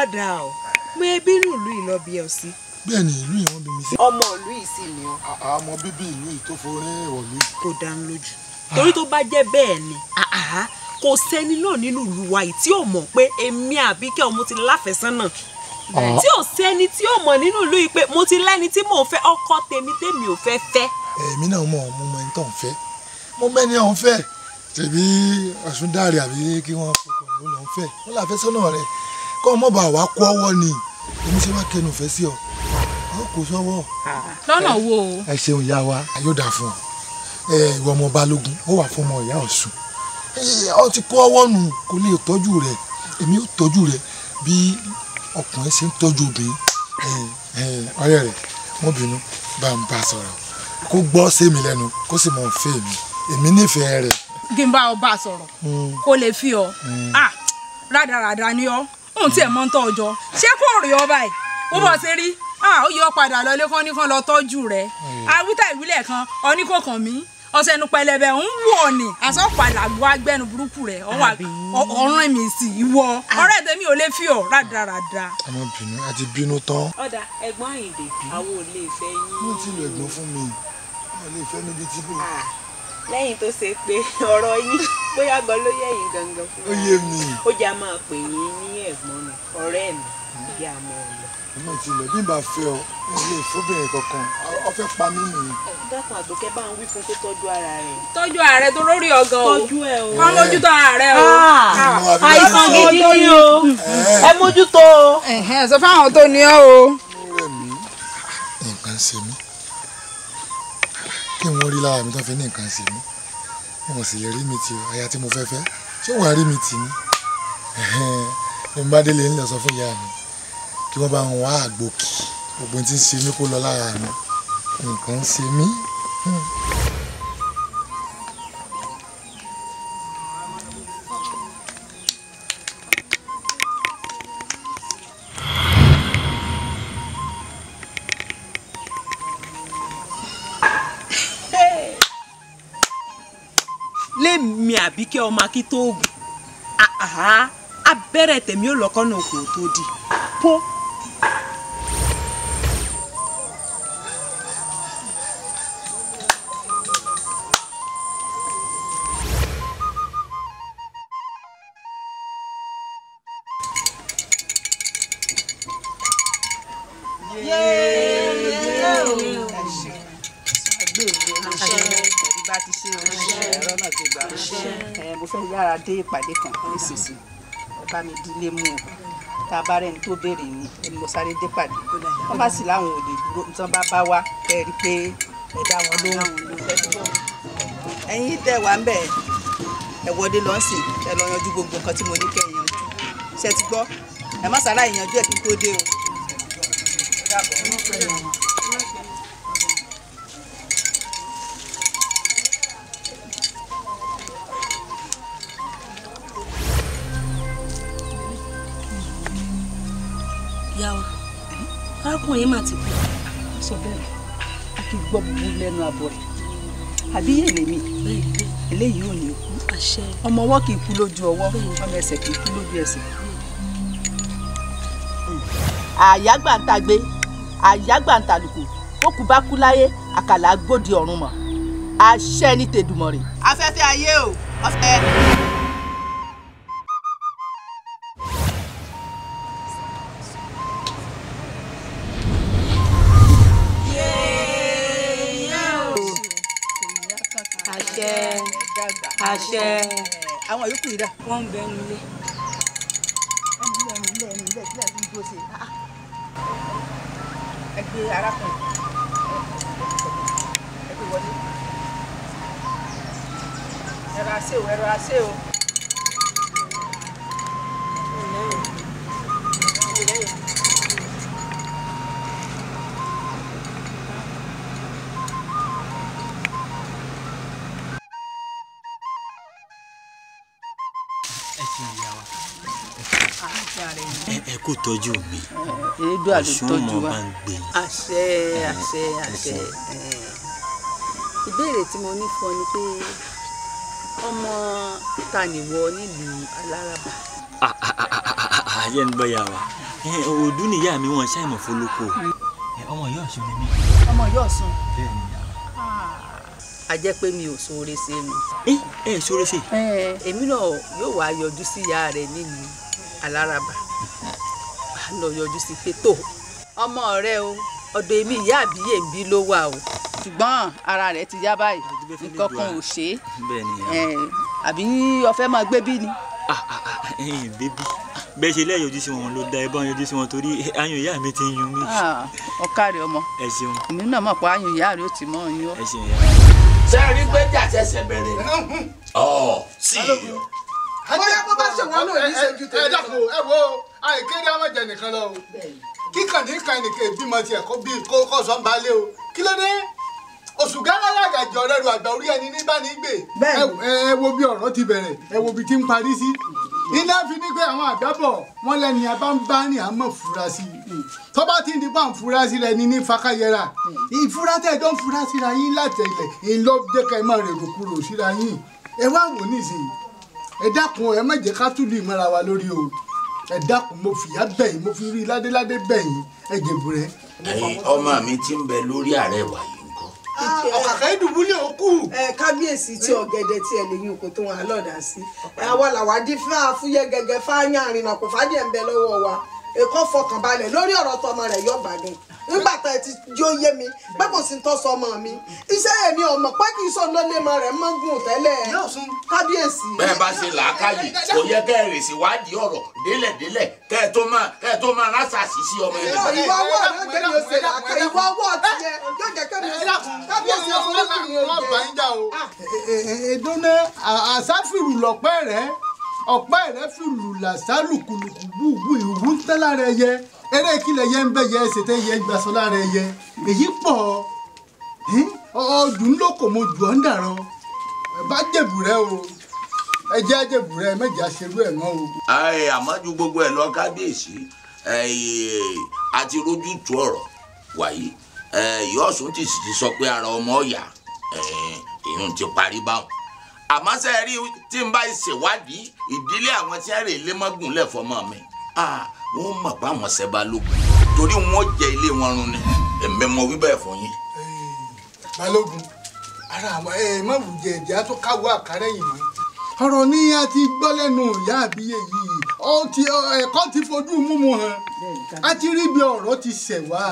ọ̀dà ọ̀ mo ebi inú ìlú yìí lọ bí ẹ sí. bẹ́ẹ̀ ni ìlú yìí wọ́n bí mi sí. ọmọ ìlú yìí sì ni ọ. àmọ́ bíbí ìlú yìí tó forí ìwọ̀lú. kò dá ń lójú torí tó bá jẹ́ bẹ́ẹ̀ ni kò sẹ́ni náà nínú ìlú wa yìí tí ò mọ̀ pé èmi Àbíkẹ́ ọmọ ti láfẹ̀sánà tí ò sẹ́ni tí ò mọ̀ nínú ìlú yìí pé mo ti lẹ́ni tí mò ń fẹ́ ọkọ tèmi tèmi ò fẹ́ fẹ́. èmi náà mọ mo mọ ẹni tó ń fẹ́ mo mẹ́ni ọ̀hún fẹ́ tèmi àsúndàrẹ̀ àbí kí wọ́n fọkàn ló lọ́n fẹ́ wọ́n láfẹ́sọ́nà rẹ̀ kọ́ ọmọ bá wa kú ọwọ́ ni èmi ṣe wá kẹnu ìfẹ́ sí ọ ọ kò sọ́wọ́. lọ́nà wo. ẹ ṣeun ìyá wa àyọ̀dà fún ọ ìwọ ọmọ balógun ó wà fún ọmọ ìyá ọ̀sùn ọ ti kó ọwọ́ nù kò lè tọ́jú rẹ èmi ò tọ́jú rẹ bí ọkùnrin ṣe ń tọ́jú obìnrin ọ̀rẹ́ rẹ mo bínú bá ń bá sọ̀rọ̀ kó gbọ́ sẹ́mi lẹ́nu kó sì mọ̀ fẹ́ mi èmi nífẹ̀ẹ́ rẹ. kí n bá ọ bá sọ̀rọ̀ hmm. kó lè fi ọ hmm. ah, rádaràda ni ọ òun tiẹ̀ mọ́ ń tọ́ ọjọ́ ṣé kò rí ọ báyìí ó bọ̀ ṣe rí ó yọ padà lọ lẹ́kọ́ ní lọ tọ́jú rẹ̀ hmm. awítà ìwílẹ̀ kan ọní kò ọsẹ nu pẹlẹbẹ ń wù ọ ní gbọ agbẹnu burúkú rẹ ọrùn mi sì wọ ọ̀rẹ́ tèmi ò lè fi ọ rádaràda. àmọ́ bínú àti bínú tán. ọ̀dà ẹ̀gbọ́n àyìndé àwọn ò lè fẹ́ yín. mo ti lo ẹ̀gbọ́n fún mi wọn lè fẹ́ níbi tí mo. Ah lẹ́yìn tó ṣe pé ọ̀rọ̀ yín bóyá gan ló yẹ yín gangan fún wa ó yé mi ó jẹ́ a máa pè yín ní ẹ̀gbọ́n mi ọ̀rẹ́ mi bí a mọ̀ ọ́ lọ. ọmọ ìtìlẹ̀ bí n bá fẹ́ ọ ilé ìfọ́bìnrin kankan ọ fẹ́ pa mí nìyí. dákun àgbẹ̀kẹ́ bá ń wí fún kó tọ́jú ara rẹ̀. tọ́jú ara rẹ̀ tó lórí ọ̀gán o tọ́jú ẹ̀ o kọ́ mójútó ara rẹ̀ o. Ah! àìsàn gidi ni o ẹ mójútó o. ẹ sọ fún àwọn tó ní ọ o. nǹkan ṣe mí kí wọ́n rí lára mi tó fi ní nǹkan sí mi wọn sì lè rí mi tì aya tí mo fẹ́ fẹ́ ṣé wàá rí mi tì ní ní mo bá délé ńlẹ̀ sọ fún ìyá mi kí wọ́n bá ń wá àgbo kì gbogbo tí ń ṣe mí kó lọ lára mi nǹkan ń ṣe mí. àbíkẹ́ ọmọ akíntóògùn abẹ́rẹ́ tèmi ò lọ́kọ́ náà kò tó di pọ́ àjẹgbà mo fẹ́ yára dé ìpàdé kan nísinsìnyí ẹ bá mi dílé mú o a bá rẹni tó béèrè ni ẹni mo sáré dé pàdé wọ́n bá sì láwọn ò lè dúró tí wọ́n bá bá wá kẹ́ ẹ rí pé ẹ dá wọn lóhùn. ẹ̀yin tẹ wà ń bẹ ẹ wọlé lọ́sìn ẹ lọ yanjú gbogbo nǹkan tí mo ní kẹ́ yanjú ṣe ti gbọ́ ẹ má sáré ìyanjú ẹ kí n tó dé o. ọkùnrin mà ti kú. wọ́n sọ bẹ́ẹ̀ a kì í gbọ́ bubú lẹ́nu àbọ̀ rẹ̀ àbí yèlè mi eléyìí ò ní kú ọmọ ọwọ́ kì í kú lójú ọwọ́ ọmọ ẹsẹ̀ kì í kú lójú ẹsẹ̀. Hmm. àyágbà ń tagbe àyágbà ń tàlùkù kókù bá kú láyé àkàlà gbòdì ọ̀run mọ̀ àṣẹ ní tèdùmọ̀ rè. afẹ́fẹ́ ayé o ọ̀fẹ́. àṣẹ. àwọn yòókù yìí dà. wọ́n bẹ ẹnu ilé. ẹnu ilé ẹnu ilé ẹnu ilé ìpínlẹ̀ fi ń dúró ẹ gbé arákùnrin ẹ gbé wọlé. ẹ̀rọ àṣẹ o ẹ̀rọ àṣẹ o. kò tọ́jú mi eh, ọ̀ṣun ọmọ bá ń gbé. àṣẹ eh, àṣẹ àṣẹ eh, ìbéèrè tí mo ní fún ọ ni pé ọmọ ta nìwọ nílùú alárabà. Ah, ah, ah, ayé ń bọ́yà wa ọdún níyà mi wọn ṣàìmọ̀ fọlọ́kọ ọmọ yóò sùn ní mi. ọmọ yóò sùn. bẹ́ẹ̀ ni a jẹ́ pé mi ò sóore ṣe mi. ẹ ẹ sóore ṣe. èmi náà yóò wá yọjú sí ìyá rẹ nílùú alárabà lọ yọjú sí pé tó ọmọ rẹ o ọ̀dọ̀ èmi ìyá àbíyè ń bí ló wà o ṣùgbọ́n ara rẹ̀ ti yá báyìí nǹkan kan ò ṣe é àbí ọfẹ máa gbé bí ni. Ah, ah, ah, ẹyin bébí bẹ́ẹ̀ ṣe lẹ́yìn ojú sí wọn ló da ẹbọn ojú sí wọn torí ayùn ìyá mi ti ń yun mí. ọkà rẹ ọmọ ẹ ṣeun èmi náà mọ̀ pé ayùn ìyá rẹ ó ti mọ́ ọ yún ọ. ẹ ṣeun ìyá. ṣé ẹ rí pé jàṣẹ ṣẹ bẹ̀rẹ̀ ọ sí i. ọ̀rẹ́ bó bá ṣe wọ́n lò ní ṣe ju tèmi. ẹ dàpọ̀ ẹ wo àìkéde àmọ̀jẹ̀ nìkan lọ o kíkàn ní kan ẹnìkan ìbímọ tiẹ̀ kó bí kó sọ ń balẹ̀ o kí ló dé oṣù gálára àgàjọ rẹ ru àgbà orí ẹni ní báni gbè ẹ wo bí ọ̀rọ̀ ti bẹ̀rẹ̀ ẹ wo bí ti ń parí sí ilé fi ní pé àwọn àgbàbọ̀ wọn lẹ́ni abáńbáni àmọ́ fura sí i hmm. tó bá ti ń di pàm fura sí rẹ ni ní fakayẹra hmm. ìfura tẹ̀ tó ń fura síra yín látẹ̀lẹ̀ ìlọ dẹ́kẹ́ mọ́ rẹ̀ kúrò síra yín ẹ wá wò nísìnyí ẹ dákun ẹ má jẹ́ ká túlù ìmọ̀ra wa lórí o ẹ dákun mo fìyà bẹ̀yìn mo fi rí ládéládé bẹ̀yìn ẹ jèbù rẹ. ọmọ mi ti ń bẹ lórí àrẹwà yìí ọ̀kàkà ìdùbúlẹ̀ òkú. ẹ kábíyèsí tí ọ̀gẹ̀dẹ̀ tí ẹ lè yín oko tó wọn àlọ́dà sí àwa làwádìí fún àfúyẹ́ gẹ́gẹ́ fáyà àrìnà kò fàdí ẹ̀ ń bẹ lọ́wọ́ wa èkó fọkàn balẹ̀ lórí ọ̀rọ̀ tọmọ rẹ̀ yọ gbàdùn nígbà tá ẹ ti jó yé mi pé kò sí ń tọ́sọ ọmọ mi iṣẹ́ èmi ọmọ pé kì í sọ ló lé mọ rẹ̀ mọ́ gùn tẹ́lẹ̀ kábíyèsí. bẹ́ẹ̀ bá ṣe làákàyè kò yẹ kẹ́ ẹ rè síwádìí ọ̀rọ̀ délẹ̀délẹ̀ kẹ́ ẹ tó máa kẹ́ ẹ tó máa rásà sí sí ọmọ ẹni. ìwọ ọwọ́ rẹ jẹ́ ṣe làákàyè ìwọ ọwọ́ tiẹ̀ yóò jẹ́ kẹ́mi ò kábíyèsí ọmọ olókùnrin ò jẹ́. ìdúná àṣàfìrù lọ́pẹ́ rẹ̀ ọ̀pá ẹ̀rẹ́ fi lùlà sálùkùlùkù gbùgbù ìwú ń tẹ́ lára ẹyẹ eré kílẹ̀ yẹ ń bẹ yẹ ẹsẹ̀ tẹ́ yẹ gbàsọ lára ẹyẹ èyí pọ̀ ọdún ló kò mo jù ọ́ ń dàrọ ẹ bá jẹ̀bù rẹ o ẹ jẹ́ jẹ̀bù rẹ mẹ́jà ṣerú ẹ̀ mọ́ o. ayé àmọ́ ju gbogbo ẹ̀ lọ kábíyèsí àti rojú tu ọ̀rọ̀ wàyí ìyá Ọ̀ṣun ti sọ pé ara ọmọ ọ̀yà ìyún ti parí báwọn àmọ́ ṣe rí tí n bá ṣèwádìí ìdílé àwọn tí ń rè lémọ́gùn lẹ́fọ̀mọ́ mi wọ́n mọ̀ pé àwọn ṣẹ́ balógun torí wọ́n jẹ ilé wọn run ni èmi mọ wí fún yín. balógun ara àwọn ẹ má wù jẹ ìjà tó káwọ àkàrẹ yìí mọ ọ̀rọ̀ ní a ti gbọ́ lẹ́nu ìyá àbíyè yìí ẹ̀kọ́ ti fojú múmu hàn a ti rí bí ọ̀rọ̀ ti ṣẹ̀ wá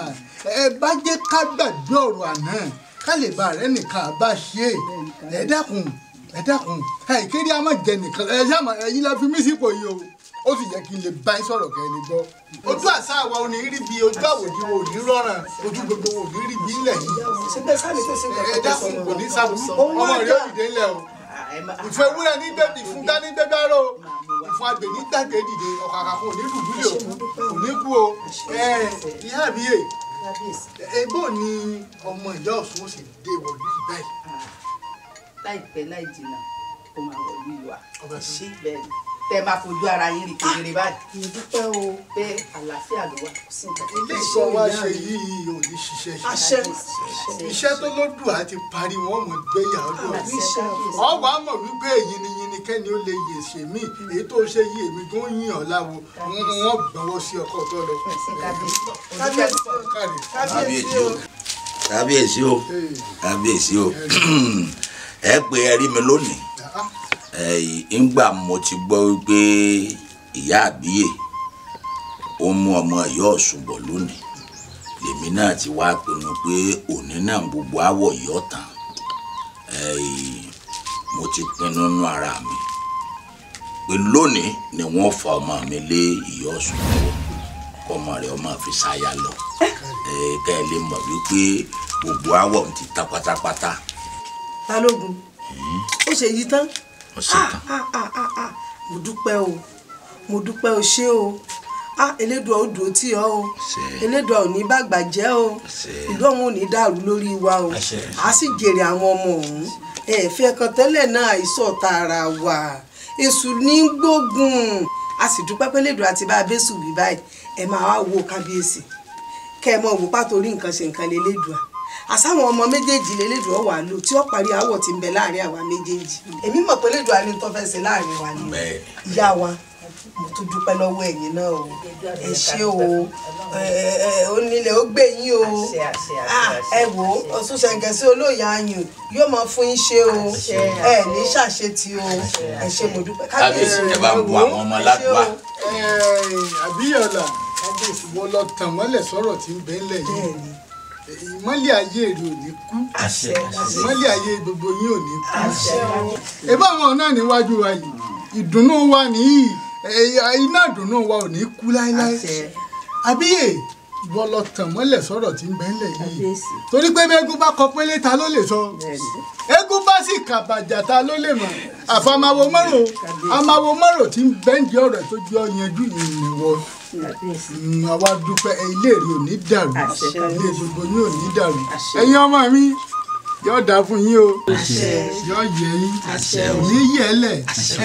ẹ bá jẹ́ ká gbàgbé ọ̀rọ̀ àná ká lè bá rẹ nìkan bá ṣe é ẹ dákun ẹ dákun ẹ kéde a máa jẹ nìkan ẹ ṣáà máa ẹyin la fi mí sípò yìí o ó sì yẹ kí n lè bá yín sọ̀rọ̀ kẹ́ ẹ lè gbọ́. ojú àṣà àwa ò ní rí bi ojú àwòdì wo ò ní rọrùn ojú gbogbo wo ò ní rí bi ilẹ̀ yìí. ẹ dákun kò ní sábú ọmọ rẹ ò dìde ńlẹ̀ o ìfẹ́ wúrẹ́ ní bẹ́ẹ̀bì fún dání gbẹ́gbẹ́rọ́ ìfún àgbè ní dàgbé dìde ọ̀kàkà kò ní dùbúlẹ̀ o kò ní kú o ìyá àbíyè ebó ni ọmọ ìyá láìpẹ́ láì jìnnà kó máa wọ ìlú wa ṣé bẹ́ẹ̀ ni tẹ máa fojú ara yín rí kedere báyìí. Ah, mo dúpẹ́ o pé àlàáfíà ló wà sí nǹkan. ilé iṣẹ́ wa ṣe yìí ò ní ṣiṣẹ́ ṣe iṣẹ́ tó lódùn àti parí wọn mọ̀ gbéyà ọdún ọwọ́ àmọ̀ wípé èyí ni yín ni kẹ́ni ó lè yè ṣe mí èyí tó ṣe yí èmi gan yín ọ̀ láwo wọn gbọ́wọ́ sí ọkọ̀ tó lọ. kábíyèsí o kábíyèsí o kábíyèsí o. *clears throat* ẹ pé ẹ rí mi lónìí ìgbà mo ti gbọ́ wípé ìyá àbíyè ó mú ọmọ ìyá Ọ̀ṣun bọ̀ lónìí lèmi náà ti wá pinnu pé òní náà gbogbo àwọ̀ yọ̀ tán mo ti pinnu nú ara mi pé lónìí ni wọ́n fa ọmọ mi lé ìyá Ọ̀ṣun lọ́wọ́ kọ́mọ rẹ̀ ọmọ fi ṣáyà lọ kẹ́ ẹ lè mọ̀ wípé gbogbo àwọ̀ ti ta pátápátá balógun hmm. ó ṣe yí tán ah, ah, ah, mo dúpẹ́ o mo dúpẹ́ o ṣé o elédùà ó dùn tì ọ́ o elédùà ò ní bàgbà jẹ́ o ìlú ọ̀hún ò ní dàrú lórí wa o a sì jèrè àwọn ọmọ ọ̀hún ẹ̀ẹ́fẹ́ kan tẹ́lẹ̀ náà ìsọ̀tà ara wa èṣù ní gbógun a sì dúpẹ́ pé elédùà àti bá a bẹ́sù wí báyìí ẹ máa wá wo kábíyèsí kẹ́ ẹ mọ̀ wò pàtó orí nǹkan ṣe nǹkan lé elédùà àsáwọn ọmọ méjèèjì lélẹ́dùn ọ̀wà lò tí ó parí àwọ̀ tí ń bẹ láàrin àwa méjèèjì èmi mọ̀ pé lẹ́dùn alẹ́ tó fẹ́ẹ́ ṣe láàrin wa ni ìyá wa mo tún dúpẹ́ lọ́wọ́ ẹ̀yin náà o ẹ ṣé o onílẹ̀ ó gbé yín o ah, ẹ wò ó ọ̀sùn ṣẹ̀ǹkẹ̀sí olóòyè ayùn yóò máa fún yín ṣe o ẹ ní ṣàṣetì o ẹ ṣé mo dúpẹ́ kábíyèsí ẹ bá bu àwọn ọmọ ládùúgbà. àbíyànlá kábíyèsí wọ́n lọ tàn mọ́lẹ̀ sọ̀rọ̀ tí ń bẹ́ẹ̀ lẹ̀ yìí ìmọ́lẹ̀ ayé rẹ ò ní kú ìmọ́lẹ̀ ayé gbogbo yín ò ní kú. ìbá àwọn náà níwájú wa yìí ìdùnnú wa nìyí iná ìdùnnú wa ò ní kú láéláé àbíyè ìwọ lọ tàn tí ń bẹ ńlẹ̀ yìí torí pé bẹ́gún bá kọ pélé ta ló lè sọ eégún bá sì kàbàjà ta ló lè mọ̀ àfàmàwò mọ́rò àmàwò mọ́rò tí ń bẹ́ǹdì ọ̀rọ̀ tó jọ yanjú ìwọ àwa mm, dúpẹ́ ilé rẹ ò ní dàrú ilé gbogbo yín ò ní dàrú ẹ̀yin ọmọ mi yóò dáa fún yín o yóò yẹ yín òní yẹlẹ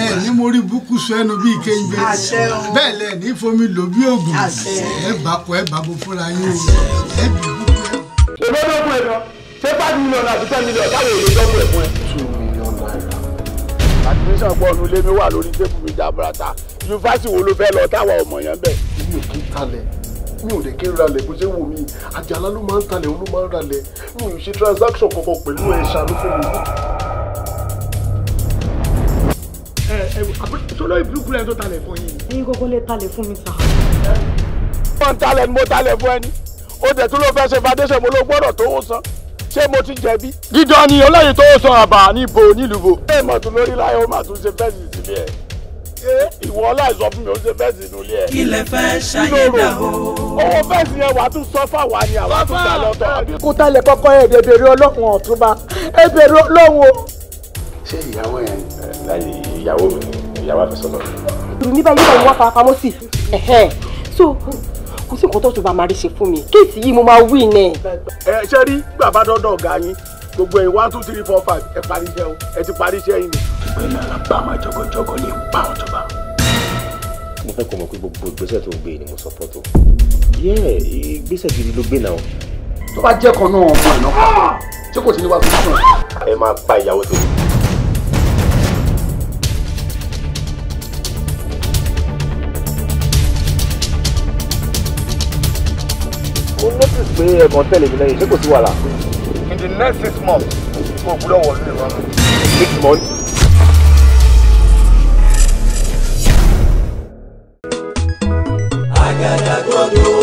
ẹ ní mo rí búkú sọ ẹnu bíi kéńgbé bẹ́ẹ̀ lẹ ní fomi lò bí oògùn ẹ bá kọ ẹ bá bo fúnra yín o ẹ bí búkú ẹ. ṣé ló dọ́kun ẹ̀ lọ ṣé five million àti ten million táwọn èèyàn dọ́kun ẹ̀ fún ẹ. two million naira. àdìmísàn pọ̀ nulẹ̀ mi wà lórí tébù mi jábúrata yunifásitì wo ló fẹ́ lọ táwọn ọmọ yẹn bẹ̀. èmi ò kí n talẹ̀ mi ò lè kí n ralẹ̀ bó ṣe wù mí àjàlá ló máa ń talẹ̀ òun ló máa ń ralẹ̀ mi ò ṣe transaction kankan pẹ̀lú ẹ̀ ṣàánú fún mi. ẹ ẹ sọlọ ìbúrúkú lẹ́yìn tó talẹ̀ fún yín. ẹ̀yin gbogbo lè talẹ̀ fún mi sàn. mo ń talẹ̀ ni mo talẹ̀ fún ẹni ó dẹ̀ tún ló fẹ́ ṣe foundation mo ló gbọ́dọ̀ tó ó san ṣé mo ti jẹ̀bi. dídán ni ọlọ́yin tó sọ àbà níbo nílùú bo. ẹ mọ̀ tún lórí láyé ó mà tún ṣe fẹ́ẹ̀sì sílẹ̀ ẹ̀ ìwọ aláìsọ fún mi ó ṣe fẹ́ǹsì inú ilé ẹ̀. kí lẹ fẹ́ ṣàyẹ̀dá o. owó fẹ́ǹsì yẹn wàá tún sọ fáwa ni àwa tún gbà lọ́tọ̀. kó tálẹ̀ kọ́kọ́ ẹ̀ bẹ̀rẹ̀ ọlọ́run ọ̀túnba ẹ bẹ̀rẹ̀ ọlọ́run ṣé ìyàwó ẹ̀ láyé ìyàwó mi ìyàwó àfẹsọ́nà mi. ìrù ní báyìí báyìí wá farapamọ́ sí so kò sí nǹkan tó gbogbo ẹ̀yin one two three four five ẹ parí iṣẹ́ o ẹ ti parí iṣẹ́ yín ni. ọ̀gbẹ́ni Alabama. jọgọjọgọ ní ipa ọ̀tọ̀ba. mo fẹ́ kọ́ mọ̀ pé gbogbo ìgbésẹ̀ tó gbé ni mo sọpọ́tò yẹ ìgbésẹ̀ gidi ló gbé náà. tó bá jẹ́ kan náà ọmọ àná kan tí kò sí ní wá fún fún ẹ. ẹ máa pa ìyàwó tó. mo notice pé ẹ̀gbọ́n tẹ̀lé mi lẹ́yìn ṣé kò sí wàhálà the next six months kò gbúdọ̀ wọ̀ nílé six months. Agadagodo.